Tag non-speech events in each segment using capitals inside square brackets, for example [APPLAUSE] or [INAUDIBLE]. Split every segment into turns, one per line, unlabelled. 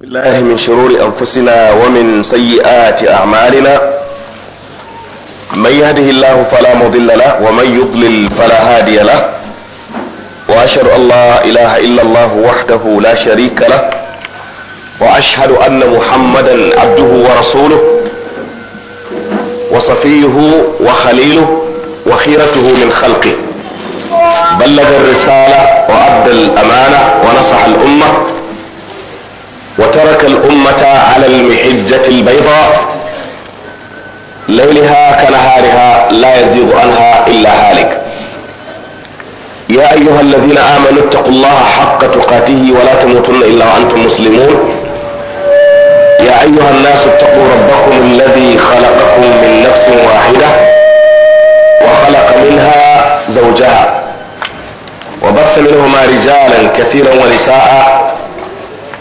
بالله من شرور أنفسنا ومن سيئات أعمالنا من يهده الله فلا مضل له ومن يضلل فلا هادي له وأشهد أن لا إله إلا الله وحده لا شريك له وأشهد أن محمدا عبده ورسوله وصفيه وخليله وخيرته من خلقه بلغ الرسالة وأدى الأمانة ونصح الأمة وترك الأمة على المحجة البيضاء ليلها كنهارها لا يزيغ عنها إلا هالك يا أيها الذين آمنوا اتقوا الله حق تقاته ولا تموتن إلا وأنتم مسلمون يا أيها الناس اتقوا ربكم الذي خلقكم من نفس واحدة وخلق منها زوجها وبث منهما رجالا كثيرا ونساء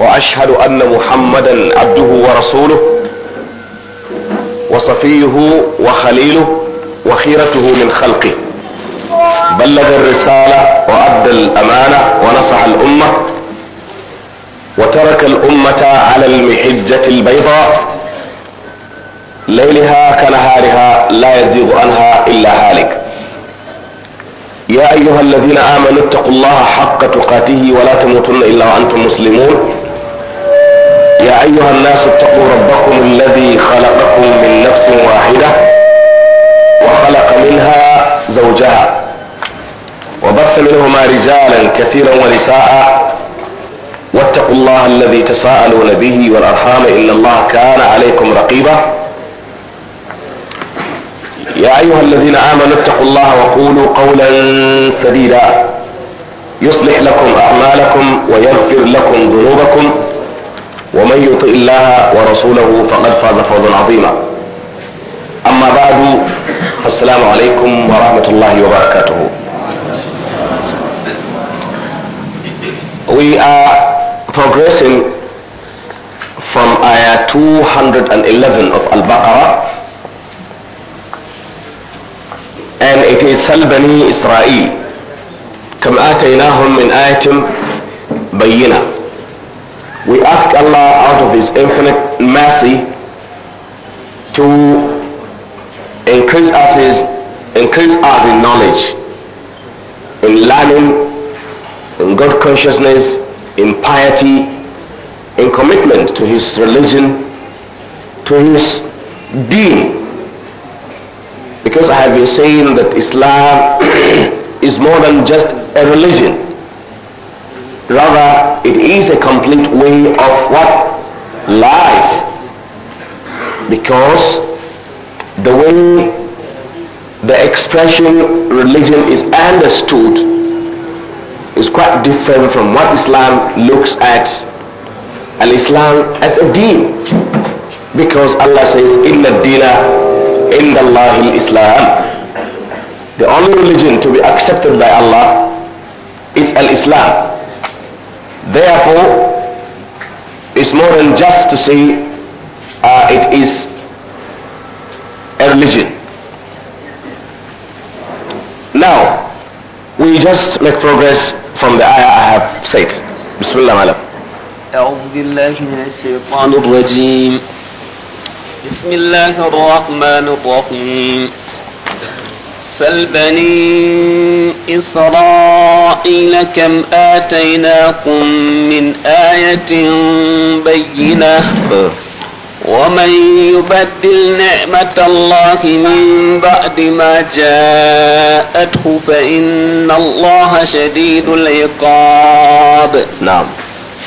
واشهد ان محمدا عبده ورسوله وصفيه وخليله وخيرته من خلقه بلغ الرساله وادى الامانه ونصح الامه وترك الامه على المحجه البيضاء ليلها كنهارها لا يزيغ عنها الا هالك يا ايها الذين امنوا اتقوا الله حق تقاته ولا تموتن الا وانتم مسلمون يا ايها الناس اتقوا ربكم الذي خلقكم من نفس واحدة وخلق منها زوجها وبث منهما رجالا كثيرا ونساء واتقوا الله الذي تساءلون به والارحام ان الله كان عليكم رقيبا يا ايها الذين امنوا اتقوا الله وقولوا قولا سديدا يصلح لكم اعمالكم ويغفر لكم ذنوبكم ومن يطع الله ورسوله فقد فاز فوزا عظيما أما بعد فالسلام عليكم ورحمة الله وبركاته We are progressing from ayah 211 of Al-Baqarah and it is salbani بني إسرائيل كم آتيناهم من آية بينة We ask Allah out of His infinite mercy to increase us, his, increase us in knowledge, in learning, in God consciousness, in piety, in commitment to His religion, to His deen. Because I have been saying that Islam [CLEARS THROAT] is more than just a religion. Rather, it is a complete way of what? Life. Because the way the expression religion is understood is quite different from what Islam looks at Al Islam as a deen. Because Allah says, Inna dina, inna Allah Islam. The only religion to be accepted by Allah is Al Islam. Therefore, it's more than just to say uh, it is a religion. Now, we just make progress from the ayah I have said. Bismillah, madam.
أعوذ بالله من الشيطان الرجيم بسم الله الرحمن الرحيم سل بني إسرائيل كم آتيناكم من آية بينة أه. ومن يبدل نعمة الله من بعد ما جاءته فإن الله شديد العقاب نعم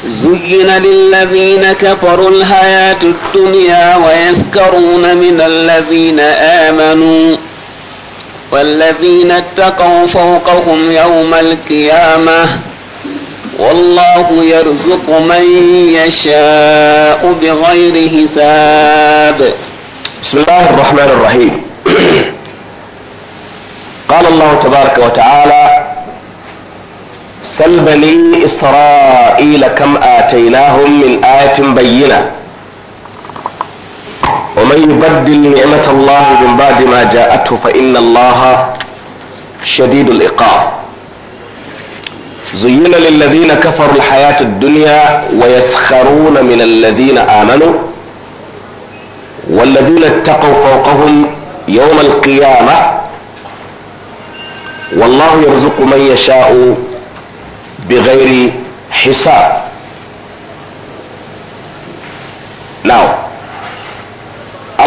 زين للذين كفروا الحياة الدنيا ويسكرون من الذين آمنوا والذين اتقوا فوقهم يوم القيامة والله يرزق من يشاء بغير حساب بسم الله الرحمن الرحيم
قال الله تبارك وتعالى سل بني إسرائيل كم آتيناهم من آية بينة ومن يبدل نعمة الله من بعد ما جاءته فإن الله شديد العقاب زين للذين كفروا الحياة الدنيا ويسخرون من الذين آمنوا والذين اتقوا فوقهم يوم القيامة والله يرزق من يشاء بغير حساب Now,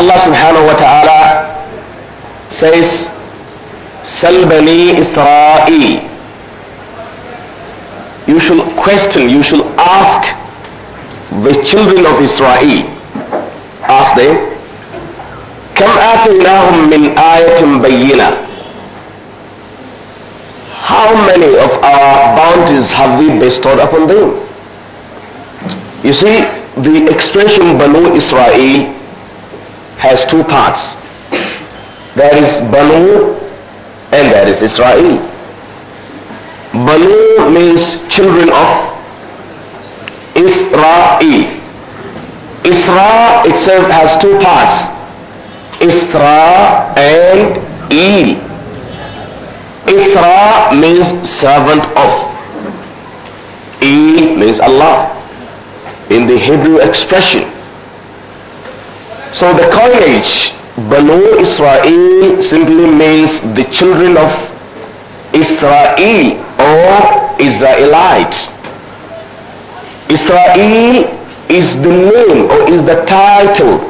Allah subhanahu wa ta'ala says, Sal Bani You should question, you should ask the children of Israel. Ask them, Kam ataynahum min ayatim bayina. How many of our bounties have we bestowed upon them? You see, the expression Banu Israel has two parts. There is Banu and there is Israel. Banu means children of Israel. Isra itself has two parts. Isra and Il. Isra means servant of. E means Allah. In the Hebrew expression, so the coinage Banu Israel simply means the children of Israel or Israelites. Israel is the name or is the title,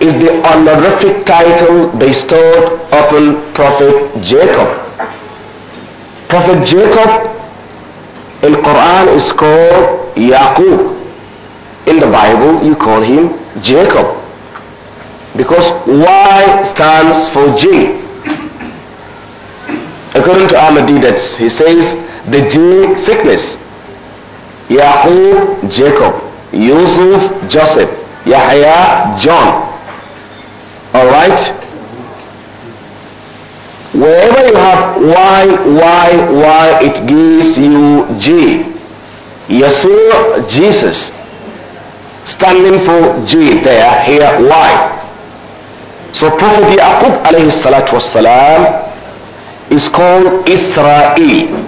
is the honorific title bestowed upon Prophet Jacob. Prophet Jacob in Quran is called Yaqub. In the Bible you call him Jacob. Because Y stands for J. According to Ahmadidas, he says the J sickness. Yaqub, Jacob. Yusuf, Joseph. Yahya, John. Alright? Wherever you have Y, Y, Y, it gives you J. Yeshua, Jesus. Standing for J there, here Y. So Prophet Yaqub alayhi salatu is called Israel.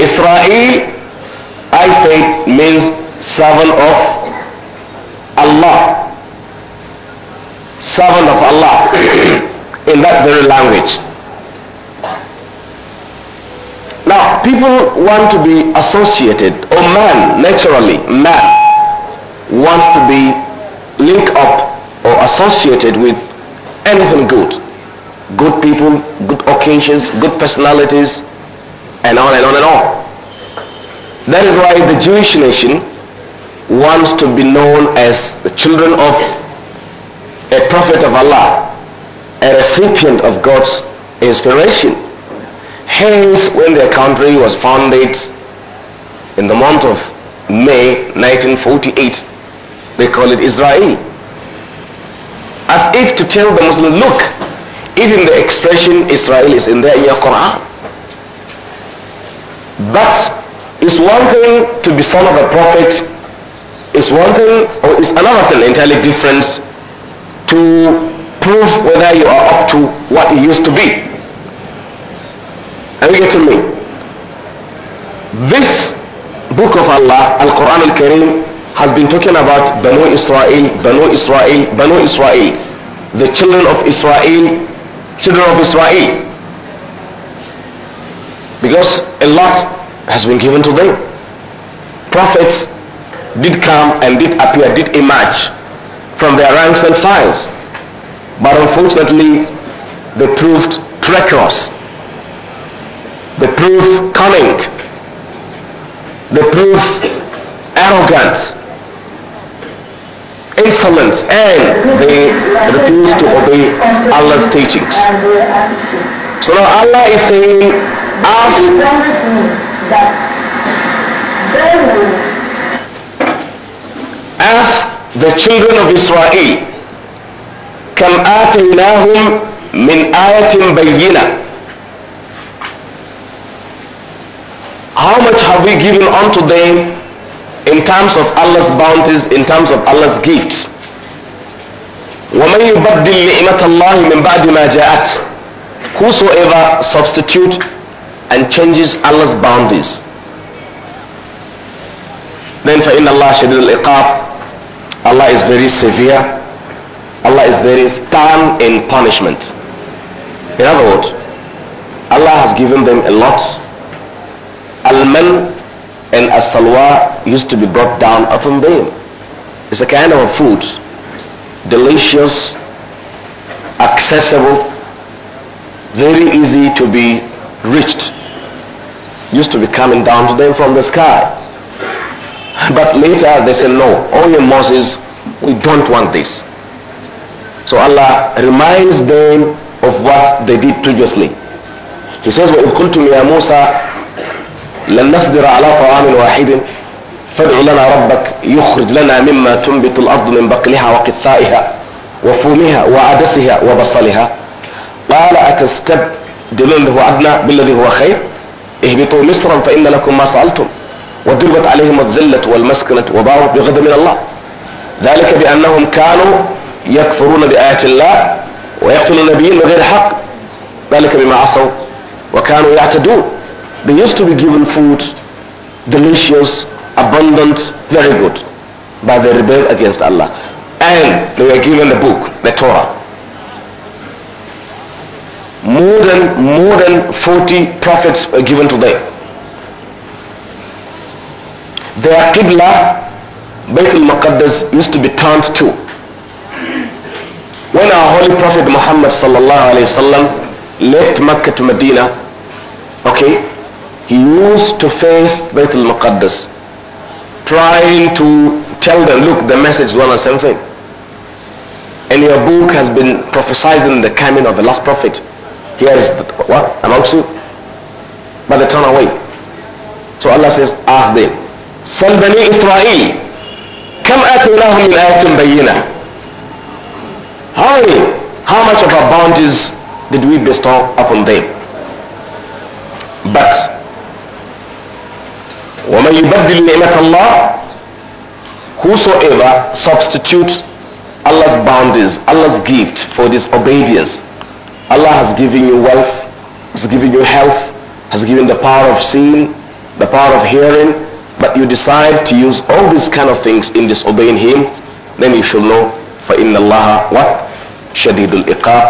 Israel, I say, means servant of Allah. Servant of Allah [COUGHS] in that very language. Now, people want to be associated, or man, naturally, man wants to be linked up associated with anything good. Good people, good occasions, good personalities, and on and on and on. That is why the Jewish nation wants to be known as the children of a prophet of Allah, a recipient of God's inspiration. Hence, when their country was founded in the month of May 1948, they call it Israel as if to tell the Muslim, look, even the expression Israel is in there in your Quran. But it's one thing to be son of a prophet, it's one thing, or it's another thing entirely different to prove whether you are up to what you used to be. Are you getting me? This book of Allah, Al-Quran Al-Karim, has been talking about Banu Israel, Banu Israel, Banu Israel, the children of Israel, children of Israel. Because a lot has been given to them. Prophets did come and did appear, did emerge from their ranks and files. But unfortunately, they proved treacherous. They proved cunning. They proved arrogant insolence and they refuse to obey Allah's teachings. So now Allah is saying,
ask
ask
the children of Israel كم آتيناهم من آية بينة How much have we given unto them in terms of Allah's bounties, in terms of Allah's gifts. وَمَنْ يُبَدِّلْ نِعْمَةَ اللَّهِ مِنْ بَعْدِ مَا جَاءَتْ Whosoever substitute and changes Allah's bounties, then فَإِنَّ اللَّهَ شَدِيدُ الْإِقَابِ Allah is very severe. Allah is very stern in punishment. In other words, Allah has given them a lot. Al-Man and as-salwa used to be brought down upon them. It's a kind of a food, delicious, accessible, very easy to be reached. Used to be coming down to them from the sky. But later they said, no, only Moses, we don't want this. So Allah reminds them of what they did previously. He says, وَإِذْ قُلْتُمْ يَا مُوسَى لن نصبر على طعام واحد فادع لنا ربك يخرج لنا مما تنبت الأرض من بقلها وقثائها وفومها وعدسها وبصلها قال اتستب اللي هو أدنى بالذي هو خير اهبطوا مصرا فإن لكم ما سألتم وضربت عليهم الذلة والمسكنة وباروا بغضب من الله ذلك بأنهم كانوا يكفرون بآيات الله ويقتلون النبيين بغير حق ذلك بما عصوا وكانوا يعتدون They used to be given food, delicious, abundant, very good. But they rebelled against Allah. And they were given the book, the Torah. More than, more than 40 prophets were given to them. Their Qibla, Bayt al-Muqaddas, used to be turned to. When our Holy Prophet Muhammad sallallahu alayhi wa left Makkah to Medina, okay, he used to face Baitul Maqaddas trying to tell them, look, the message is one and something. And your book has been prophesizing the coming of the last prophet. Here is the, what? An you? But they turn away. So Allah says, ask them. Sal Bani Israel. Kam atinahum min ayatin bayina. How many? How much of our bounties did we bestow upon them? But وَمَنْ يُبَدِّلْ نِعْمَةَ اللَّهِ Whosoever substitutes Allah's boundaries, Allah's gift for disobedience, Allah has given you wealth, has given you health, has given the power of seeing, the power of hearing, but you decide to use all these kind of things in disobeying Him, then you should know, فَإِنَّ اللَّهَ what? شَدِيدُ الْإِقَابِ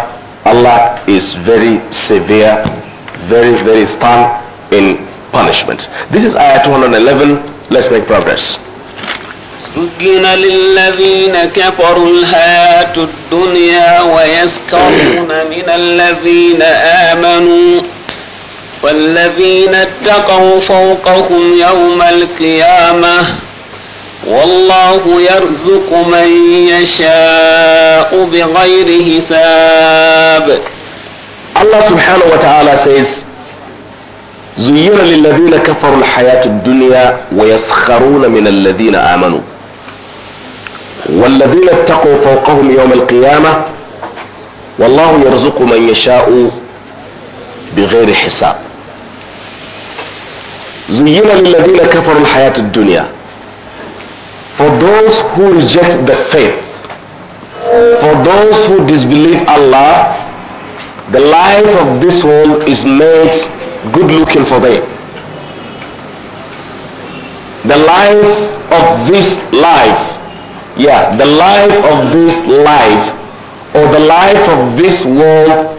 Allah is very severe, very, very stern in punishment. This is ayah 211. Let's make progress.
سجن للذين كفروا الحياة الدنيا ويسكرون من الذين آمنوا والذين اتقوا فوقهم يوم القيامة والله يرزق من يشاء بغير حساب الله سبحانه وتعالى says
زين للذين كفروا الحياة الدنيا ويسخرون من الذين آمنوا والذين اتقوا فوقهم يوم القيامة والله يرزق من يشاء بغير حساب زين للذين كفروا الحياة الدنيا for those who reject the faith for those who disbelieve Allah The life of this world is made good looking for them. The life of this life, yeah, the life of this life or the life of this world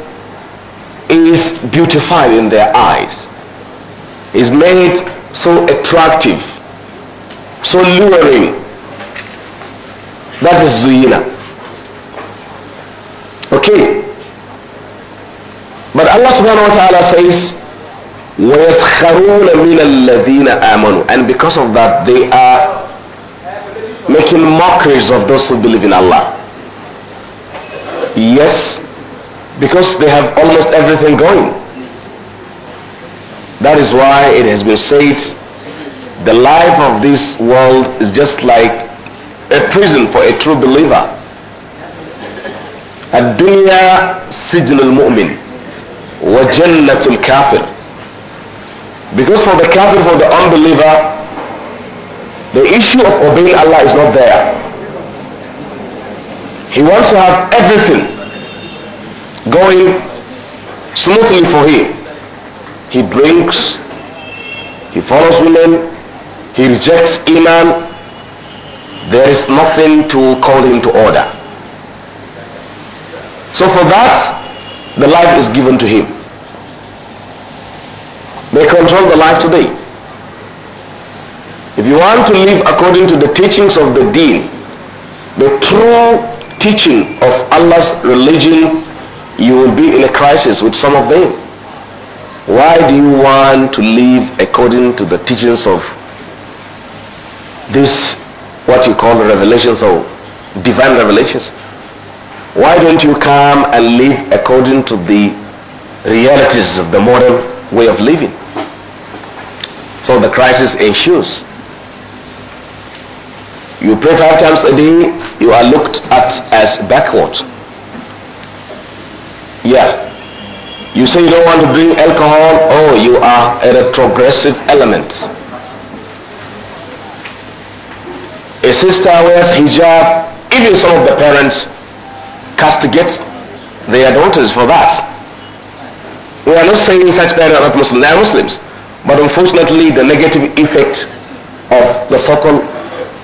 is beautified in their eyes, is made so attractive, so luring. That is Zuyina. Okay. But Allah subhanahu wa ta'ala says, وَيَسْخَرُونَ مِنَ الَّذِينَ آمَنُوا And because of that, they are making mockeries of those who believe in Allah. Yes, because they have almost everything going. That is why it has been said, the life of this world is just like a prison for a true believer. الدنيا سجن المؤمن وَجَنَّةُ Because for the kafir, for the unbeliever, the issue of obeying Allah is not there. He wants to have everything going smoothly for him. He drinks, he follows women, he rejects Iman. There is nothing to call him to order. So for that, the life is given to him. They control the life today. If you want to live according to the teachings of the deen, the true teaching of Allah's religion, you will be in a crisis with some of them. Why do you want to live according to the teachings of this, what you call revelations or divine revelations? Why don't you come and live according to the realities of the modern way of living? So the crisis ensues. You pray five times a day, you are looked at as backward. Yeah. You say you don't want to drink alcohol, oh, you are a retrogressive element. A sister wears hijab, even some of the parents castigate their daughters for that. We are not saying such parents are not Muslims, they are Muslims. But unfortunately, the negative effect of the so-called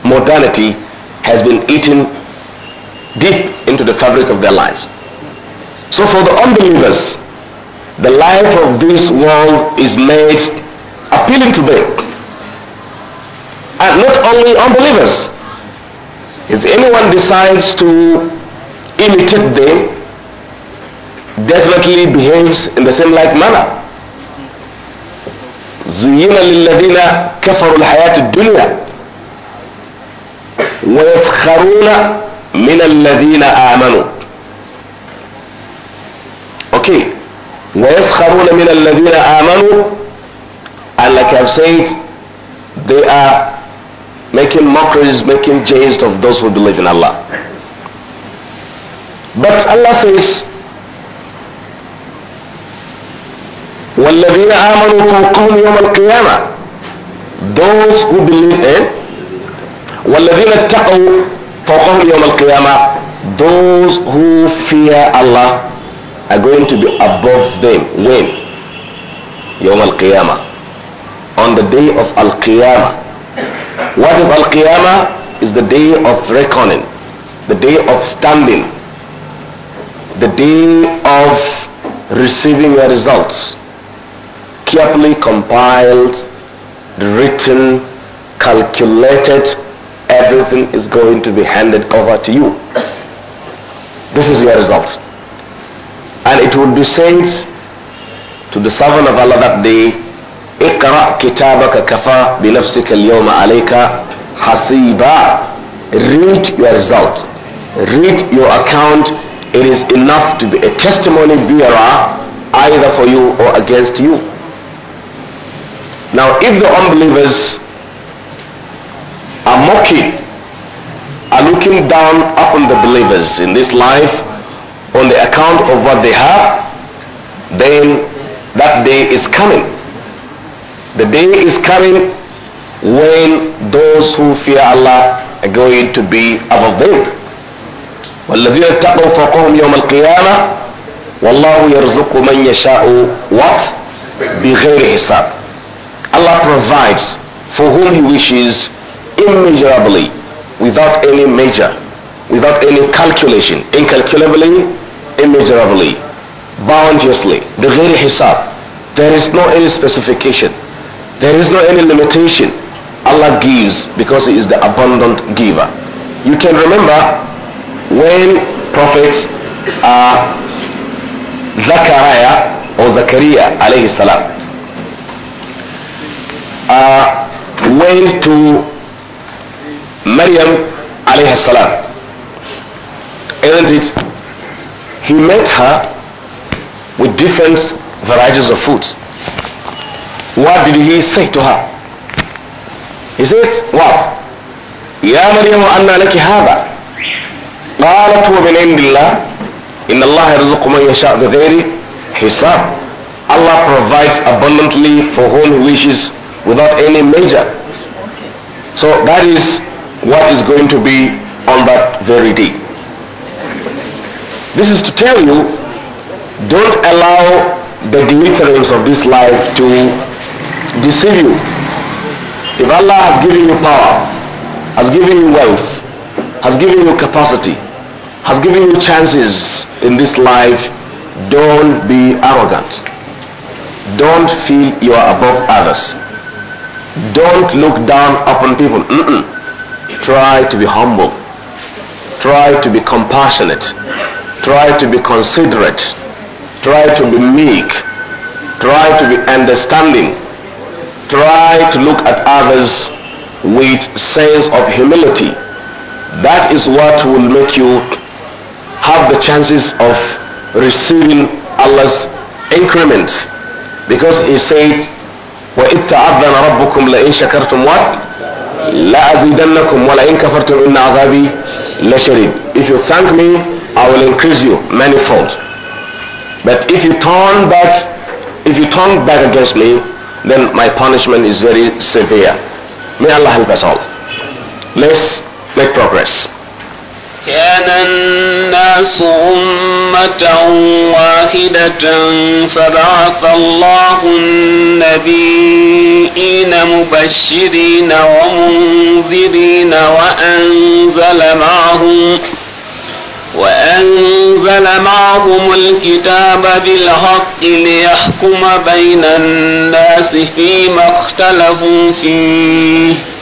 modernity has been eaten deep into the fabric of their lives. So for the unbelievers, the life of this world is made appealing to them. And not only unbelievers. If anyone decides to imitate them definitely behaves in the same like manner زين للذين كفروا الحياة الدنيا ويسخرون من الذين آمنوا okay ويسخرون من الذين آمنوا and like I've said they are making mockeries making jest of those who believe in Allah but Allah says, وَالَّذِينَ آمَنُوا يَوْمَ الْقِيَامَةِ Those who believe in وَالَّذِينَ اتَّقَوْا فَوْقَهُمْ يَوْمَ الْقِيَامَةِ Those who fear Allah are going to be above them. When? يَوْمَ الْقِيَامَةِ On the day of Al-Qiyamah. What is Al-Qiyamah? Is the day of reckoning, the day of standing, the day of receiving your results, carefully compiled, written, calculated, everything is going to be handed over to you. This is your result. And it would be said to the servant of Allah that day, اقرأ كتابك كفى بنفسك اليوم عليك حسيبا. Read your result. Read your account it is enough to be a testimony bearer either for you or against you. Now, if the unbelievers are mocking, are looking down upon the believers in this life on the account of what they have, then that day is coming. The day is coming when those who fear Allah are going to be above them. والذين اتقوا فوقهم يوم القيامة والله يرزق من يشاء what بغير حساب Allah provides for whom he wishes immeasurably without any measure without any calculation incalculably immeasurably bounteously بغير حساب there is no any specification there is no any limitation Allah gives because he is the abundant giver you can remember when prophets are Zachariah or Zachariah alayhi salam uh, went to Maryam alayhi salam isn't it he met her with different varieties of foods what did he say to her he said what Ya Maryam, anna لك هذا قالت ومن عند الله إن الله يرزق من يشاء بغير حساب Allah provides abundantly for whom he wishes without any measure. So that is what is going to be on that very day. This is to tell you, don't allow the glitterings of this life to deceive you. If Allah has given you power, has given you wealth, has given you capacity, has given you chances in this life, don't be arrogant. Don't feel you are above others. Don't look down upon people. Mm-mm. Try to be humble. Try to be compassionate. Try to be considerate. Try to be meek. Try to be understanding. Try to look at others with sense of humility. That is what will make you have the chances of receiving Allah's increment because he said وَإِذْ تَعَذَّنَ رَبُّكُمْ لَإِنْ شَكَرْتُمْ what? لَأَزِيدَنَّكُمْ وَلَإِنْ كَفَرْتُمْ إِنَّ عَذَابِي لَشَدِيدٌ If you thank me, I will increase you manifold. But if you turn back, if you turn back against me, then my punishment is very severe. May Allah help us all. Let's make progress.
كان الناس أمة واحدة فبعث الله النبيين مبشرين ومنذرين وأنزل معهم وأنزل معهم الكتاب بالحق ليحكم بين الناس فيما اختلفوا فيه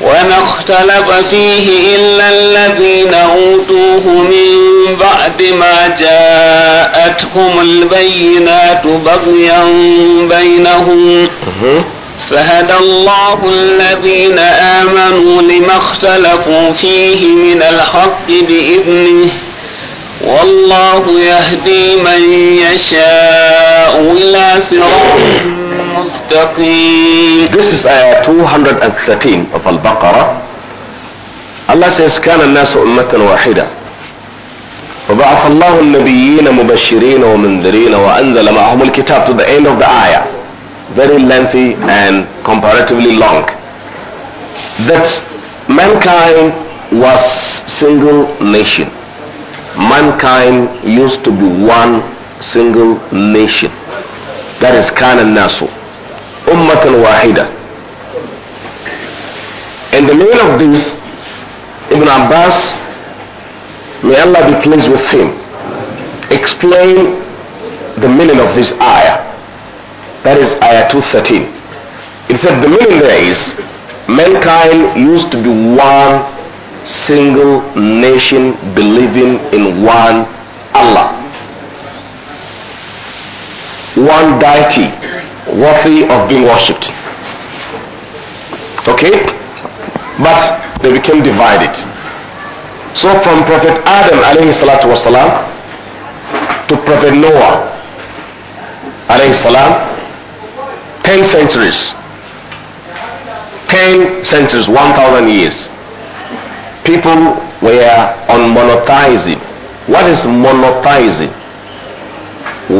وما اختلف فيه إلا الذين أوتوه من بعد ما جاءتهم البينات بغيا بينهم فهدى الله الذين آمنوا لما اختلفوا فيه من الحق بإذنه والله يهدي من يشاء إلى صراط مستقيم This is ayah
213 of Al-Baqarah. Allah says كان الناس أمة واحدة وبعث الله النبيين مبشرين ومنذرين وأنزل معهم الكتاب to the end of the ayah. Very lengthy and comparatively long. That mankind was single nation. Mankind used to be one single nation. That is Kana Nasu ummatan wahida. In the middle of this, Ibn Abbas, may Allah be pleased with him, explain the meaning of this ayah. That is ayah 213. It said the meaning there is mankind used to be one single nation believing in one Allah. One deity worthy of being worshipped. Okay? But they became divided. So from Prophet Adam alayhi salatu wasalam to Prophet Noah alayhi salam, 10 centuries. 10 centuries, 1,000 years. People were on monotheism. What is monotheism?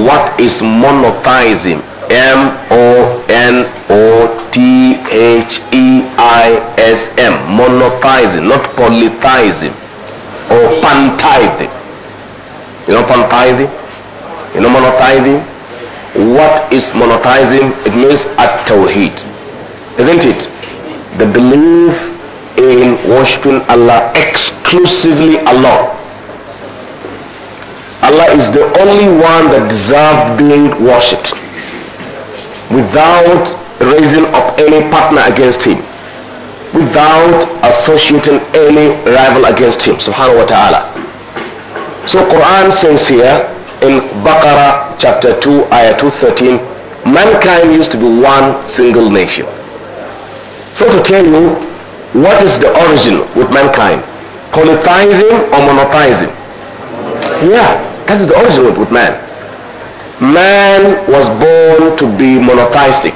What is monotheism? M-O-N-O-T-H-E-I-S-M. Monotheism, not polytheism or pantheism. You know pantheism? You know monotheism? What is monotheism? It means at Tawheed. Isn't it? The belief in worshipping Allah exclusively alone. Allah is the only one that deserves being worshipped without raising up any partner against him without associating any rival against him subhanahu wa ta'ala so quran says here in baqarah chapter 2 ayah 213 mankind used to be one single nation so to tell you what is the origin with mankind polytheism or monotheism yeah that is the origin with, with man man was born to be monotheistic.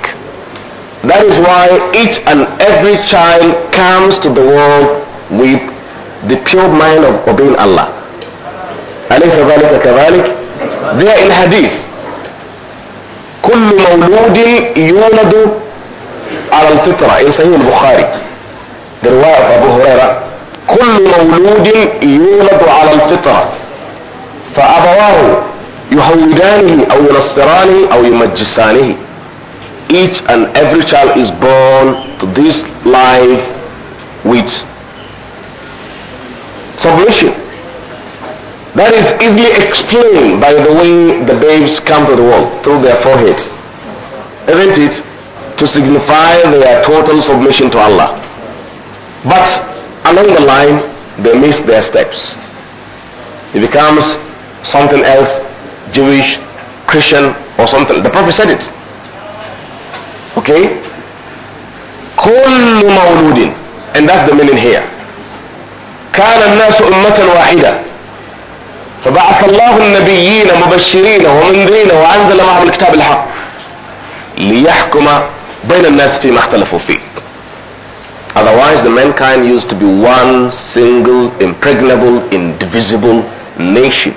That is why each and every child comes to the world with the pure mind of obeying Allah. أليس ذلك There in hadith, كل مولود يولد على الفطرة in Sahih al-Bukhari. The riwayah كل مولود يولد على الفطرة فأبواه يهودانه أو ينصرانه أو يمجسانه each and every child is born to this life with submission that is easily explained by the way the babes come to the world through their foreheads isn't it to signify their total submission to Allah but along the line they miss their steps it becomes something else Jewish, Christian, or something. The Prophet said it. Okay? كل مولود and that's the meaning here كان الناس أمة واحدة فبعث الله النبيين مبشرين ومنذرين وأنزل معهم الكتاب الحق ليحكم بين الناس فيما اختلفوا فيه Otherwise the mankind used to be one single impregnable indivisible nation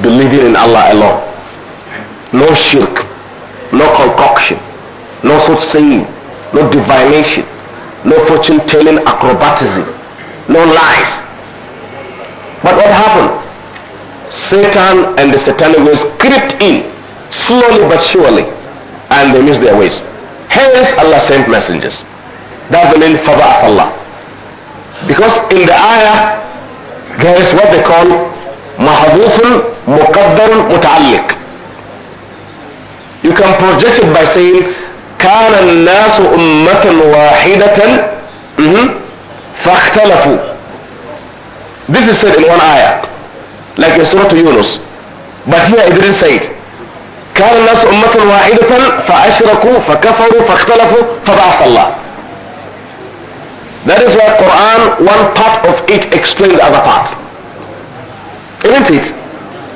believing in Allah alone. No shirk, no concoction, no soothsaying, no divination, no fortune telling acrobatism, no lies. But what happened? Satan and the satanic ways crept in slowly but surely and they missed their ways. Hence Allah sent messengers. That's the name of Allah. Because in the ayah there is what they call محظوف مقدر متعلق you can project it by saying كان الناس أمة واحدة فاختلفوا this is said in one ayah like in Surah Yunus but here it didn't say it كان الناس أمة واحدة فأشركوا فكفروا فاختلفوا فبعث الله That is why Quran, one part of it explains the other part. Isn't it?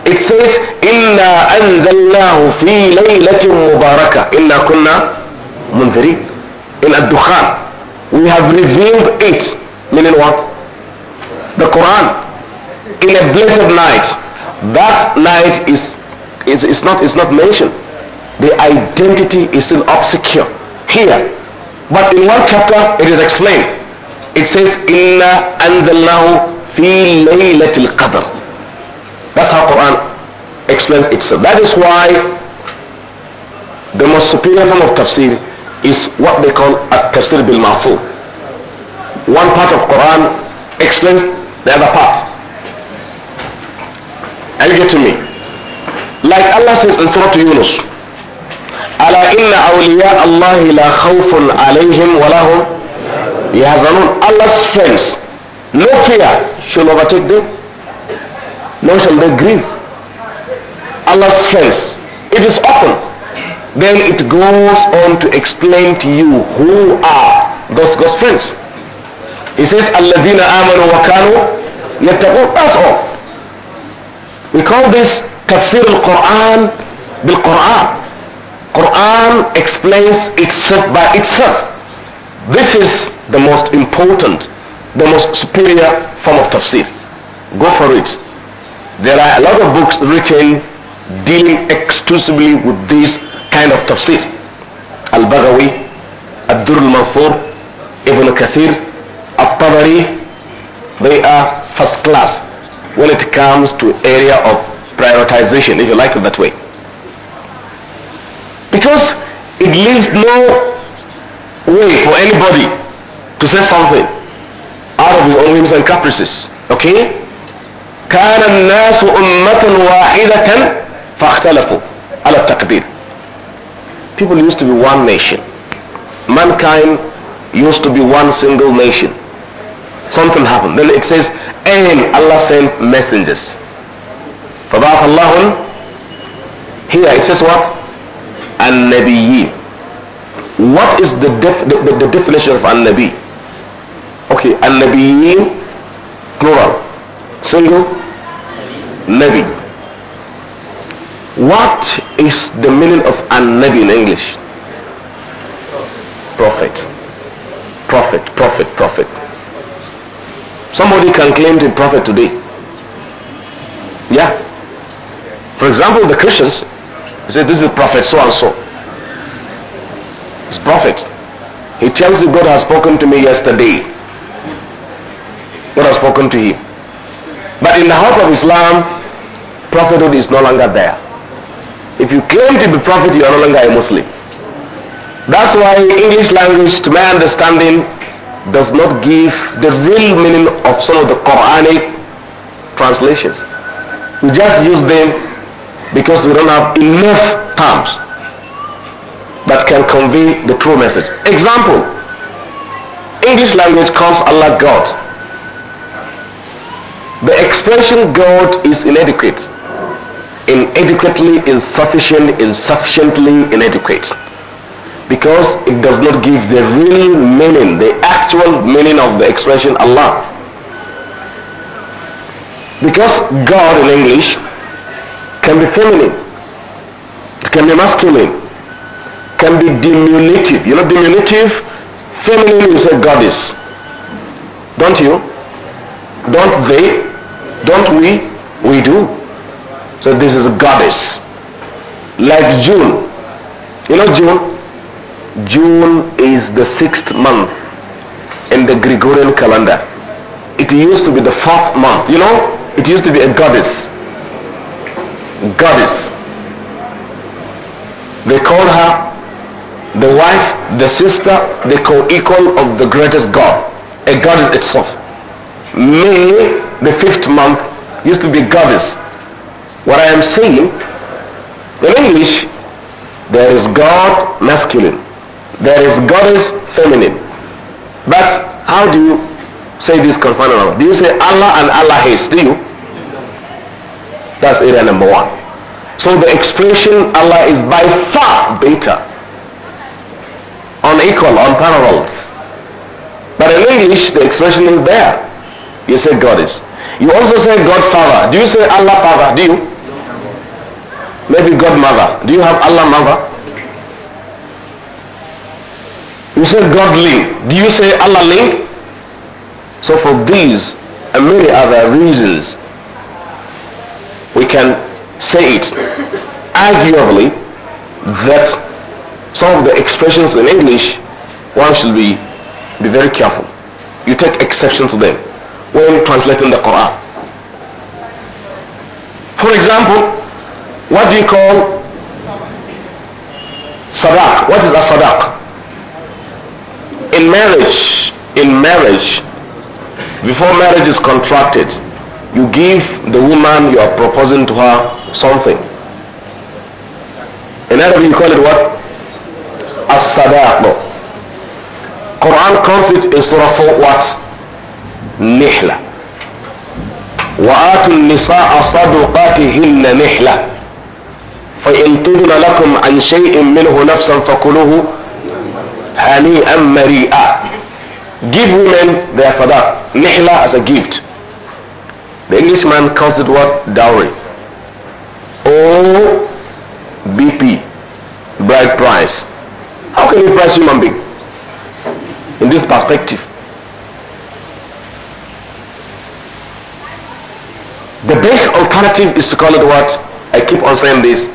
It says, إِلَّا أَنزَلْنَاهُ fi لَيْلَةٍ mubarakah." إِلَّا كُنَّا munziri In Ad-Dukhan. We have revealed it. Meaning what? The Quran. In a blessed night. That night is, is, is, not, is not mentioned. The identity is still obscure here. But in one chapter it is explained. It says, إِلَّا أَنزَلْنَاهُ فِي لَيْلَةِ qadr that's how Quran explains itself. That is why the most superior form of tafsir is what they call a tafsir bil-mafu. One part of Quran explains the other part. And you to me? Like Allah says in Surah Yunus, ألا إن أولياء الله لا خوف عليهم ولا هم يحزنون Allah's friends, no fear shall overtake them nor shall they grieve. Allah says, it is open. Then it goes on to explain to you who are those God's friends. He says, Alladina amanu wa kanu yattaqun. That's all. We call this tafsir al-Quran bil-Quran. Quran explains itself by itself. This is the most important, the most superior form of tafsir. Go for it. There are a lot of books written dealing exclusively with this kind of tafsir. Al-Baghawi, Ad-Dur al-Manfur, Ibn Kathir, At-Tabari, they are first class when it comes to area of prioritization, if you like it that way. Because it leaves no way for anybody to say something out of his own whims and caprices. Okay? كان الناس أمة واحدة فاختلفوا على التكبير people used to be one nation mankind used to be one single nation something happened then it says and Allah sent messengers فبعث الله here it says what النبيين what is the, def- the, the, the definition of النبي okay النبيين plural single Nabi. What is the meaning of an Nabi in English? Prophet. Prophet, prophet, prophet. Somebody can claim to be prophet today. Yeah. For example, the Christians say this is prophet so and so. It's prophet. He tells you God has spoken to me yesterday. God has spoken to him. But in the house of Islam, prophethood is no longer there. If you claim to be prophet, you are no longer a Muslim. That's why English language, to my understanding, does not give the real meaning of some of the Quranic translations. We just use them because we don't have enough terms that can convey the true message. Example, English language calls Allah God. The expression God is inadequate inadequately, insufficient, insufficiently inadequate. Because it does not give the real meaning, the actual meaning of the expression Allah. Because God in English can be feminine, it can be masculine, can be diminutive. You know diminutive? Feminine is a goddess. Don't you? Don't they? Don't we? We do. So this is a goddess. Like June. You know June? June is the sixth month in the Gregorian calendar. It used to be the fourth month. You know? It used to be a goddess. Goddess. They called her the wife, the sister, the co-equal of the greatest God. A goddess itself. May, the fifth month, used to be goddess what I am saying, in English, there is God masculine, there is goddess feminine. But how do you say this concerning Allah? Do you say Allah and Allah hates? Do you? That's area number one. So the expression Allah is by far better, unequal, unparalleled. But in English, the expression is there. You say Goddess. You also say Godfather. Do you say Allah Father? Do you? Maybe Godmother. Do you have Allah Mother? You say Godling. Do you say Allah Link? So for these and many other reasons, we can say it arguably that some of the expressions in English, one should be, be very careful. You take exception to them when translating the Quran. For example, what do you call sadaq? What is a sadaq? In marriage, in marriage, before marriage is contracted, you give the woman you are proposing to her something. In Arabic you call it what? As-sadaq. Quran calls it in Surah 4 what? نحلة وآتوا النساء صدقاتهن نحلة فإن تبن لكم عن شيء منه نفسا فكلوه هنيئا مريئا Give women their father nihla as a gift. The english man calls it what? Dowry. Or BP, bride price. How can you price human being? In this perspective. imperative is to call it what? I keep on saying this.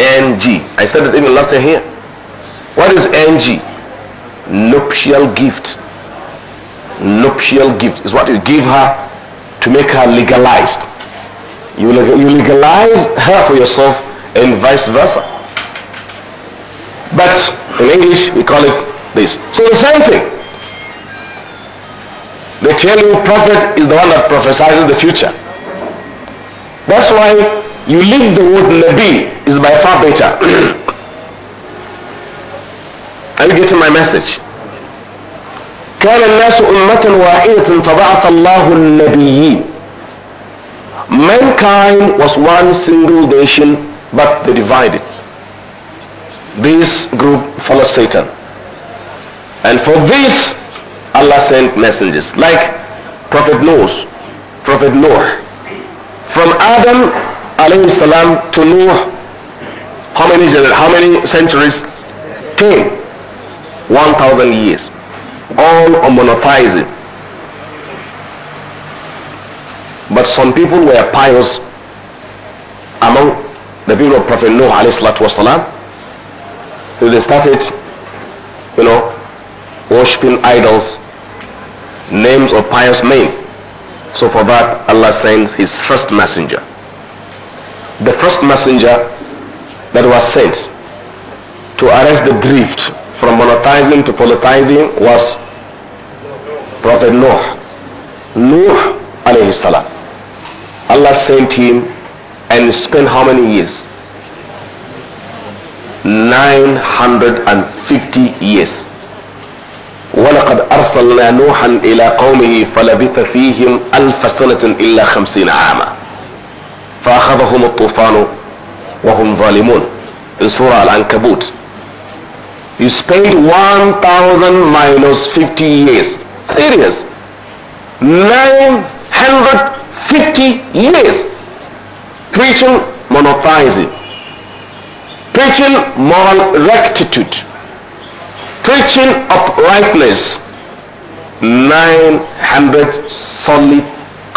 NG. I said it even last time here. What is NG? Nuptial gift. Nuptial gift is what you give her to make her legalized. You, legalize her for yourself and vice versa. But in English, we call it this. So the same thing. They tell you prophet is the one that prophesies the future. That's why you leave the word Nabi is by far better. [CLEARS THROAT] Are you getting my message? كان الناس أمة واحدة فبعث الله النبيين Mankind was one single nation but they divided. This group followed Satan. And for this Allah sent messengers like Prophet Noah, Prophet Noah, from Adam alayhi salam to Noah, how many, how many centuries? Ten. 1000 years. All monotheism. But some people were pious among the people of Prophet Noah alayhi salatu wasalam. So they started, you know, worshipping idols, names of pious men. So for that, Allah sends His first messenger. The first messenger that was sent to arrest the drift from monetizing to politicizing was Prophet Noah. Noah alayhi salam. Allah sent him and spent how many years? 950 years ولقد ارسلنا نوحا الى قومه فلبث فيهم الف سنة الا خمسين عاما فاخذهم الطوفان وهم ظالمون in Surah Al-Ankabut you spend 1000 minus 50 years serious 950 years preaching monotheism preaching moral rectitude preaching uprightness 900 solid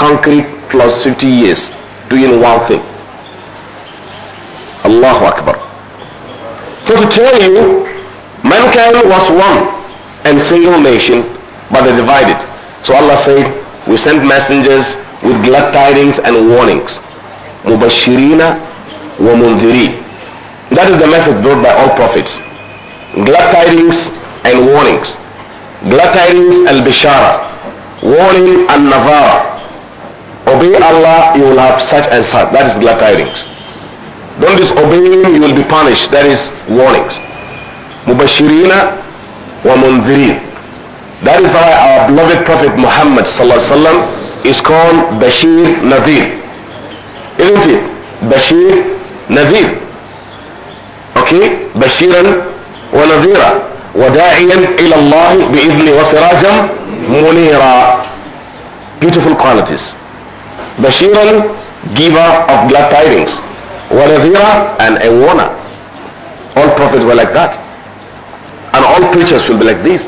concrete plus 50 years doing one thing Allahu Akbar so to tell you mankind was one and single nation but they divided so Allah said we sent messengers with glad tidings and warnings mubashirina wa Mundiri. that is the message brought by all prophets glad tidings and warnings. Glad tidings and bishara, warning and navara. Obey Allah, you will have such and such. That is glad tidings. Don't disobey him, you will be punished. That is warnings. Mubashirina wa mundhirin. That is why our beloved Prophet Muhammad sallallahu is called Bashir Nadir. Isn't it? Bashir Nadir. Okay? Bashiran ونذيرا وداعيا إلى الله بإذن وسراجا منيرا beautiful qualities Bashiran giver of glad tidings ونذيرا and a warner all prophets were like that and all preachers will be like this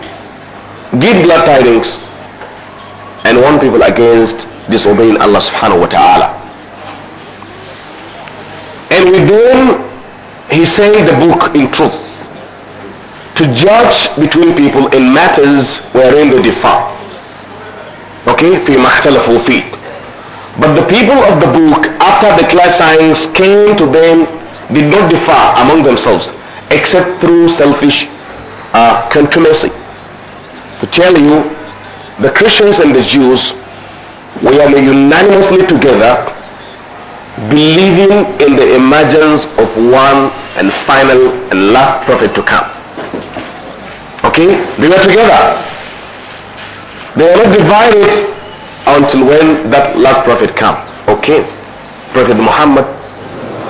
give glad tidings and warn people against disobeying Allah subhanahu wa ta'ala and within he said the book in truth to judge between people in matters wherein they differ. Okay, فيما اختلفوا فيه. But the people of the book, after the clear signs came to them, did not differ among themselves, except through selfish uh, controversy. To tell you, the Christians and the Jews were unanimously together, believing in the emergence of one and final and last prophet to come. Okay? They were together. They were not divided until when that last prophet came. Okay? Prophet Muhammad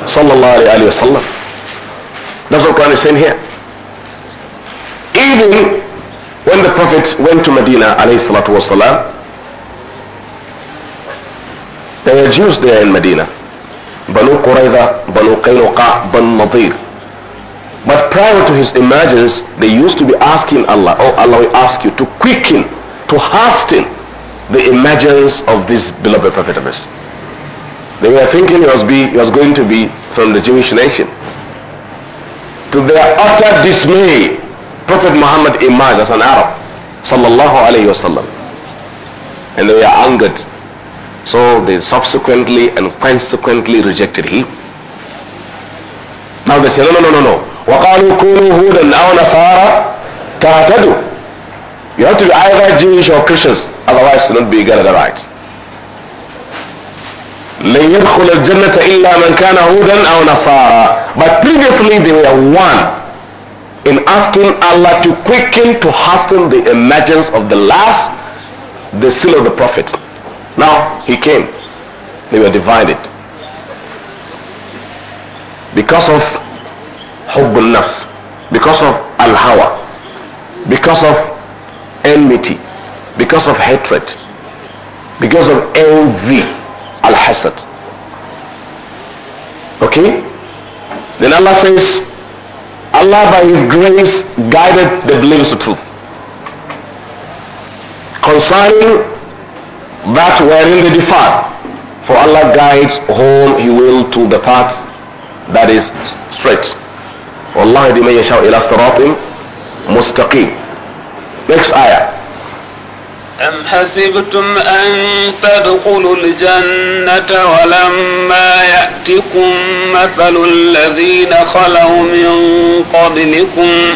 sallallahu alayhi wa sallam. That's what Quran is saying here. Even when the prophet went to Medina alayhi salatu wa sallam, there were Jews there in Medina. Banu Qurayza, Banu Qaynuqa, Banu Nadir. But prior to his emergence, they used to be asking Allah, Oh Allah, we ask you to quicken, to hasten the emergence of this beloved prophet of us. They were thinking he was, be, he was going to be from the Jewish nation. To their utter dismay, Prophet Muhammad emerged as an Arab, sallallahu alayhi wasallam. And they were angered. So they subsequently and consequently rejected him. Now they say, no, no, no, no, no. وقالوا كونوا هودا أو نصارى تهتدوا You have to be either Jewish or Christians, otherwise you'll not be getting the right. لن يدخل الجنة إلا من كان هودا أو نصارى. But previously they were one in asking Allah to quicken, to hasten the emergence of the last, the seal of the prophet. Now he came. They were divided. Because of حب النفس because of al-hawa because of enmity because of hatred because of envy al-hasad okay then Allah says Allah by his grace guided the believers to truth concerning that wherein they differ for Allah guides whom he will to the path that is straight والله بمن يشاء إلى صراط مستقيم next آية
أم حسبتم أن تدخلوا الجنة ولما يأتكم مثل الذين خلوا من قبلكم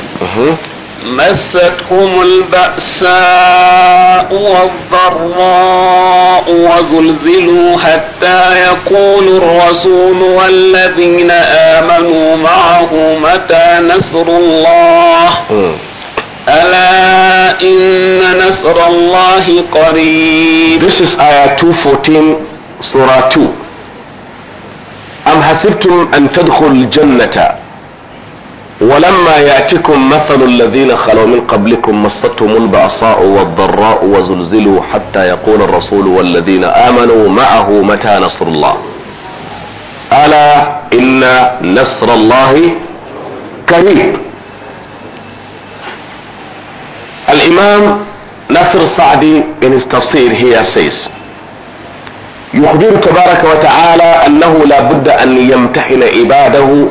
مستهم البأساء والضراء وزلزلوا حتى يقول الرسول والذين آمنوا معه متى نصر الله ألا إن نصر الله قريب This is Ayah
214 Surah 2 أم حسبتم أن تدخلوا الجنة ولما يأتكم مثل الذين خلوا من قبلكم مستهم البأساء والضراء وزلزلوا حتى يقول الرسول والذين آمنوا معه متى نصر الله ألا إن نصر الله قريب الإمام نصر السعدي ان التفسير هي سيس يخبر تبارك وتعالى أنه لا بد أن يمتحن عباده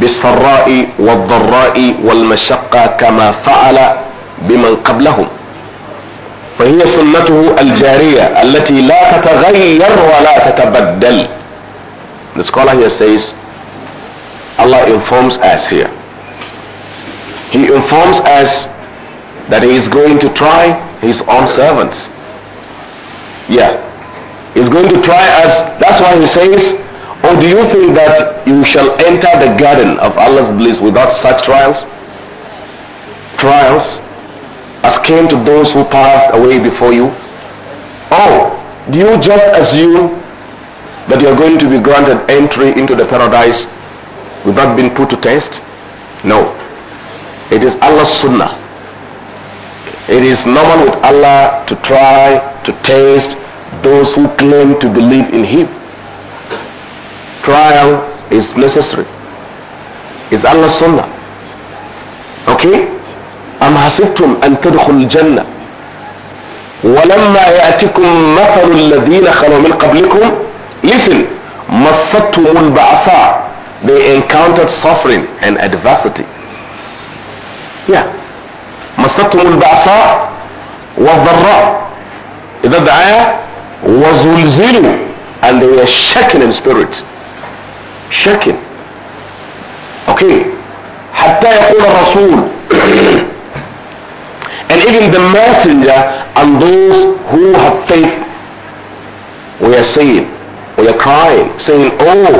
بالسراء والضراء والمشقة كما فعل بمن قبلهم فهي سنته الجارية التي لا تتغير ولا تتبدل The scholar here says Allah informs us here He informs us that he is going to try his own servants. Yeah. He's going to try us. That's why he says, Or do you think that you shall enter the garden of Allah's bliss without such trials? Trials as came to those who passed away before you? Or do you just assume that you are going to be granted entry into the paradise without being put to test? No. It is Allah's sunnah. It is normal with Allah to try to test those who claim to believe in Him. trial is necessary. It's Allah's sunnah. Okay? أم حسبتم أن تدخل الجنة ولما يأتكم مثل الذين خلوا من قبلكم listen مستهم البعثاء they encountered suffering and adversity yeah مستهم البعثاء والضراء إذا دعاه وزلزلوا and they were shaken in spirit شكل اوكي حتى يقول الرسول [CLEARS THROAT] and even the messenger and those who have faith We are saying are crying saying oh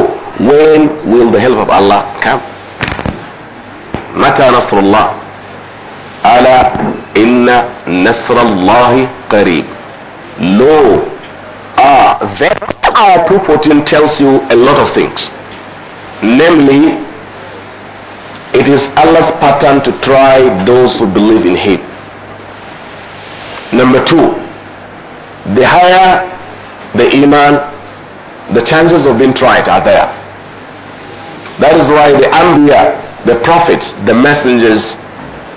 when will the help of Allah come متى نصر الله ألا إن نصر الله قريب Lo, ah, that our 2.14 tells you a lot of things. Namely, it is Allah's pattern to try those who believe in Him. Number two, the higher the Iman, the chances of being tried are there. That is why the Ambiya, the prophets, the messengers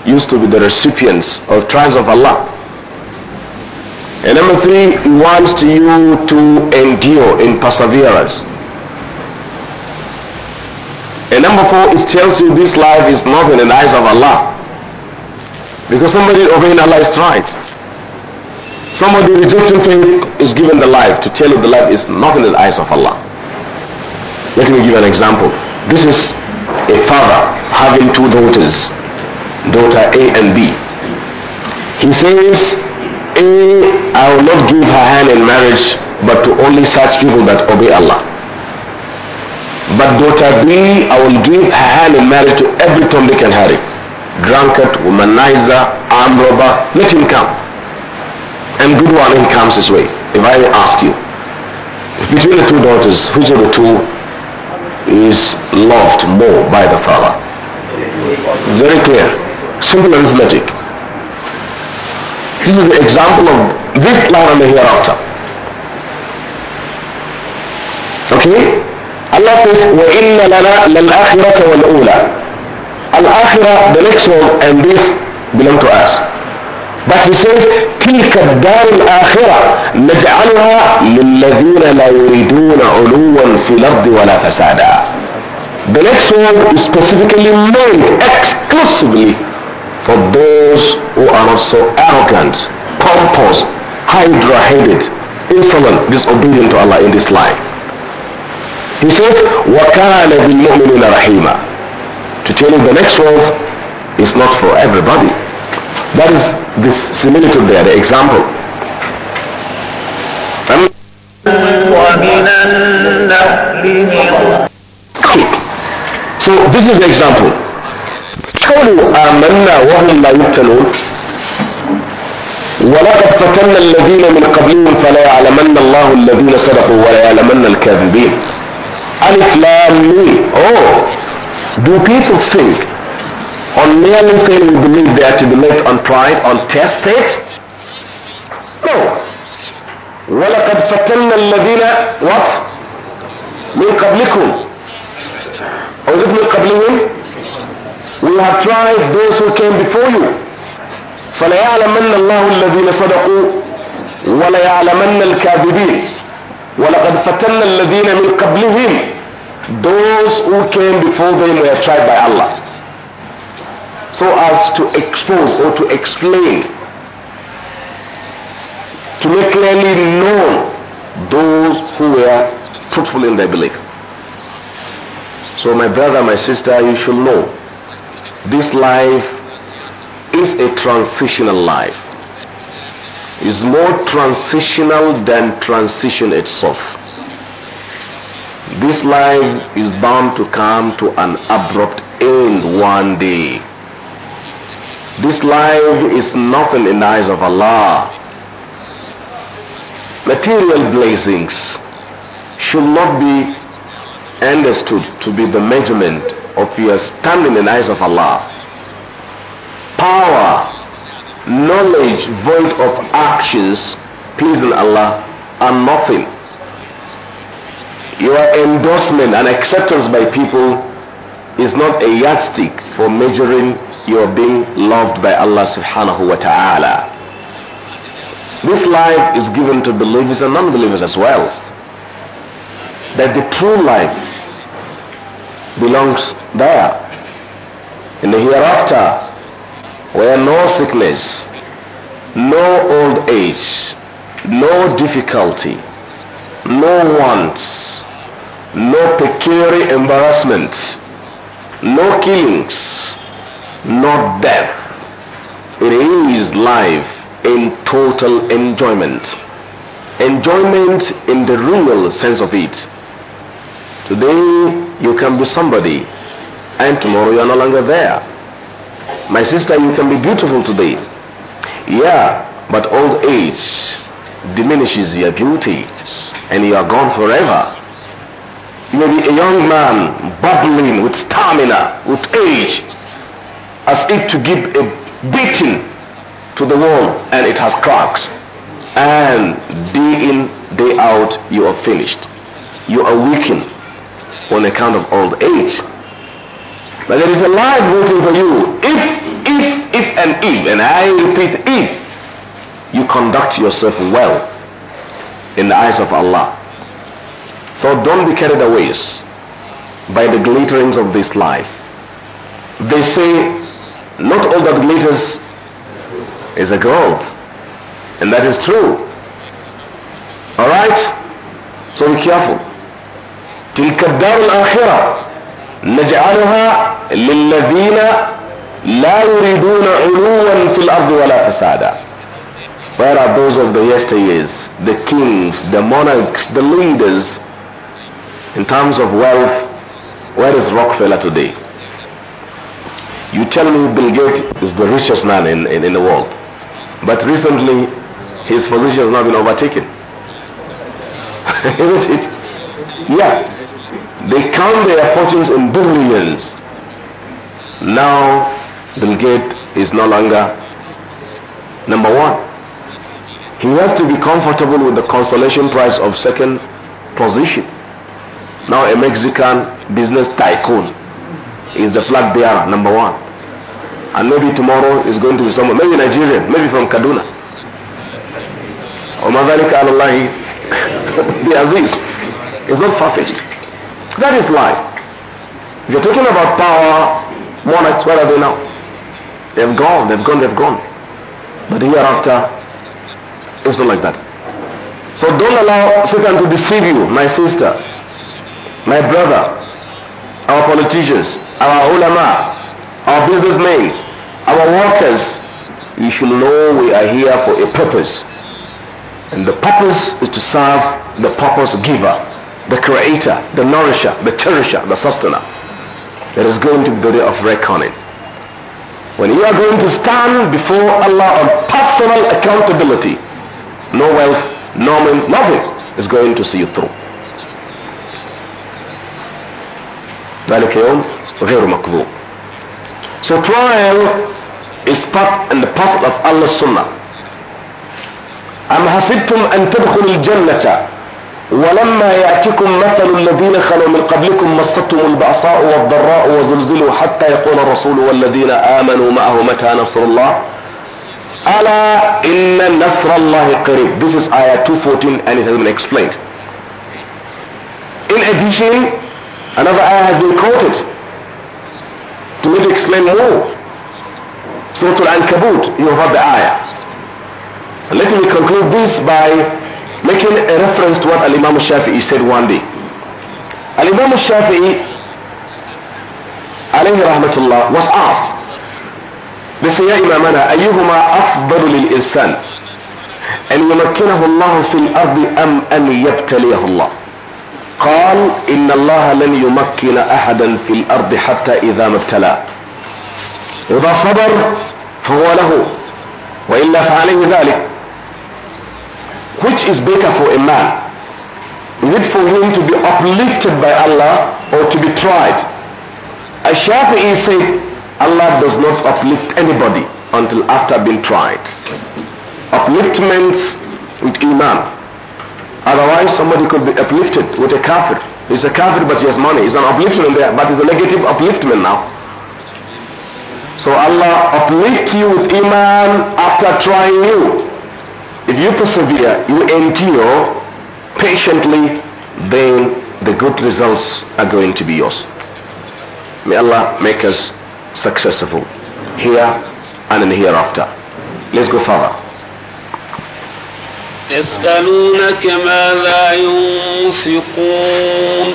used to be the recipients of trials of Allah. And number three, He wants you to endure in perseverance. And number four, it tells you this life is nothing in the eyes of Allah. Because somebody obeying Allah is tried. Somebody rejecting faith is given the life to tell you the life is nothing in the eyes of Allah. Let me give an example. This is a father having two daughters, daughter A and B. He says, A, eh, I will not give her hand in marriage, but to only such people that obey Allah. But daughter B, I will give her hand in marriage to every Tom, Dick and Harry. Drunkard, womanizer, armed robber, let him come. And good he comes his way. If I ask you, between the two daughters, which of the two is loved more by the father? Very clear. Simple arithmetic. This is the example of this life and the hereafter. Okay? الله says وإن لنا للآخرة والأولى الآخرة the next one and this belong to us But he says تلك الدار الآخرة نجعلها للذين لا يريدون علوا في الأرض ولا فسادا The next one is specifically made exclusively for those who are not so arrogant, pompous, hydra-headed, insolent, disobedient to Allah in this life. He says, وَكَانَ بِالْمُؤْمِنِينَ رَحِيمًا To tell you the next word is not for everybody. That is this similitude there, the example. So this is the example. قولوا آمنا وهم لا يبتلون ولقد الذين من قبلهم فلا يعلمن الله الذين صدقوا ولا يعلمن الكاذبين الف لام مي او do people think on merely saying we believe they are to be left untried, untested? No. ولقد فتنا الذين what من قبلكم or is من قبلهم we have tried those who came before you فليعلمن الله الذين صدقوا وليعلمن الكاذبين وَلَقَدْ فَتَنَّ الَّذِينَ مِنْ قَبْلِهِمْ Those who came before them were tried by Allah. So as to expose or to explain, to make clearly known those who were fruitful in their belief. So my brother, my sister, you should know this life is a transitional life is more transitional than transition itself. This life is bound to come to an abrupt end one day. This life is nothing in the eyes of Allah. Material blessings should not be understood to be the measurement of your standing in the eyes of Allah. Power knowledge void of actions pleasing Allah are nothing. Your endorsement and acceptance by people is not a yardstick for measuring your being loved by Allah subhanahu wa ta'ala. This life is given to believers and non-believers as well. That the true life belongs there. In the hereafter, where no sickness, no old age, no difficulty, no wants, no pecuniary embarrassment, no killings, no death. It is life in total enjoyment. Enjoyment in the real sense of it. Today you can be somebody and tomorrow you are no longer there. My sister, you can be beautiful today. Yeah, but old age diminishes your beauty and you are gone forever. You may be a young man bubbling with stamina, with age, as if to give a beating to the wall and it has cracks. And day in, day out, you are finished. You are weakened on account of old age. But there is a life waiting for you. If, if, if, and if, and I repeat, if you conduct yourself well in the eyes of Allah. So don't be carried away by the glitterings of this life. They say not all that glitters is a gold. And that is true. Alright? So be careful. تلك الدار الآخرة نجعلها للذين لا يريدون علوا في الأرض ولا فسادا Where are those of the yesteryears, the kings, the monarchs, the leaders? In terms of wealth, where is Rockefeller today? You tell me Bill Gates is the richest man in, in, in the world. But recently, his position has not been overtaken. [LAUGHS] Isn't it? Yeah. They count their fortunes in billions. Now, Bill Gates is no longer number one. He has to be comfortable with the consolation prize of second position. Now a Mexican business tycoon is the flag bearer, number one. And maybe tomorrow is going to be someone, maybe Nigerian, maybe from Kaduna. وما ذلك على The Aziz It's not far-fetched. That is life. If you're talking about power, monarchs, where are they now? They've gone, they've gone, they've gone. But hereafter, it's not like that. So don't allow Satan to deceive you, my sister, my brother, our politicians, our ulama, our businessmen, our workers. You should know we are here for a purpose. And the purpose is to serve the purpose giver the creator, the nourisher, the cherisher, the sustainer. There is going to be the day of reckoning. When you are going to stand before Allah on personal accountability, no wealth, no money, nothing is going to see you through. So trial is part and the part of Allah's sunnah. ولما يأتكم مثل الذين خلوا من قبلكم مستهم البأساء والضراء وزلزلوا حتى يقول الرسول والذين آمنوا معه متى نصر الله ألا إن نصر الله قريب This is ayah 214 and it has been explained In addition another ayah has been quoted to make it explain more Surah Al-Ankabut you have heard the ayah Let me conclude this by making a reference to what Al-Imam Shafi'i said one day. Al-Imam Shafi'i, alayhi rahmatullah, was asked, they say, Ya Imamana, ayyuhuma afdalu lil insan, an yumakkinahu Allah fil ardi am an yabtaliyahu Allah. قال إن الله لن يمكن أحدا في الأرض حتى إذا ما ابتلاه إذا صبر فهو له وإلا فعليه ذلك Which is better for a man? Is it for him to be uplifted by Allah or to be tried? A shafii said, Allah does not uplift anybody until after being tried. Upliftment with Iman. Otherwise somebody could be uplifted with a kafir. He's a kafir but he has money. It's an upliftment there, but it's a negative upliftment now. So Allah uplift you with Iman after trying you. If you persevere, you endure patiently, then the good results are going to be yours. May Allah make us successful here and in hereafter. Let's go
further. يسألونك ماذا ينفقون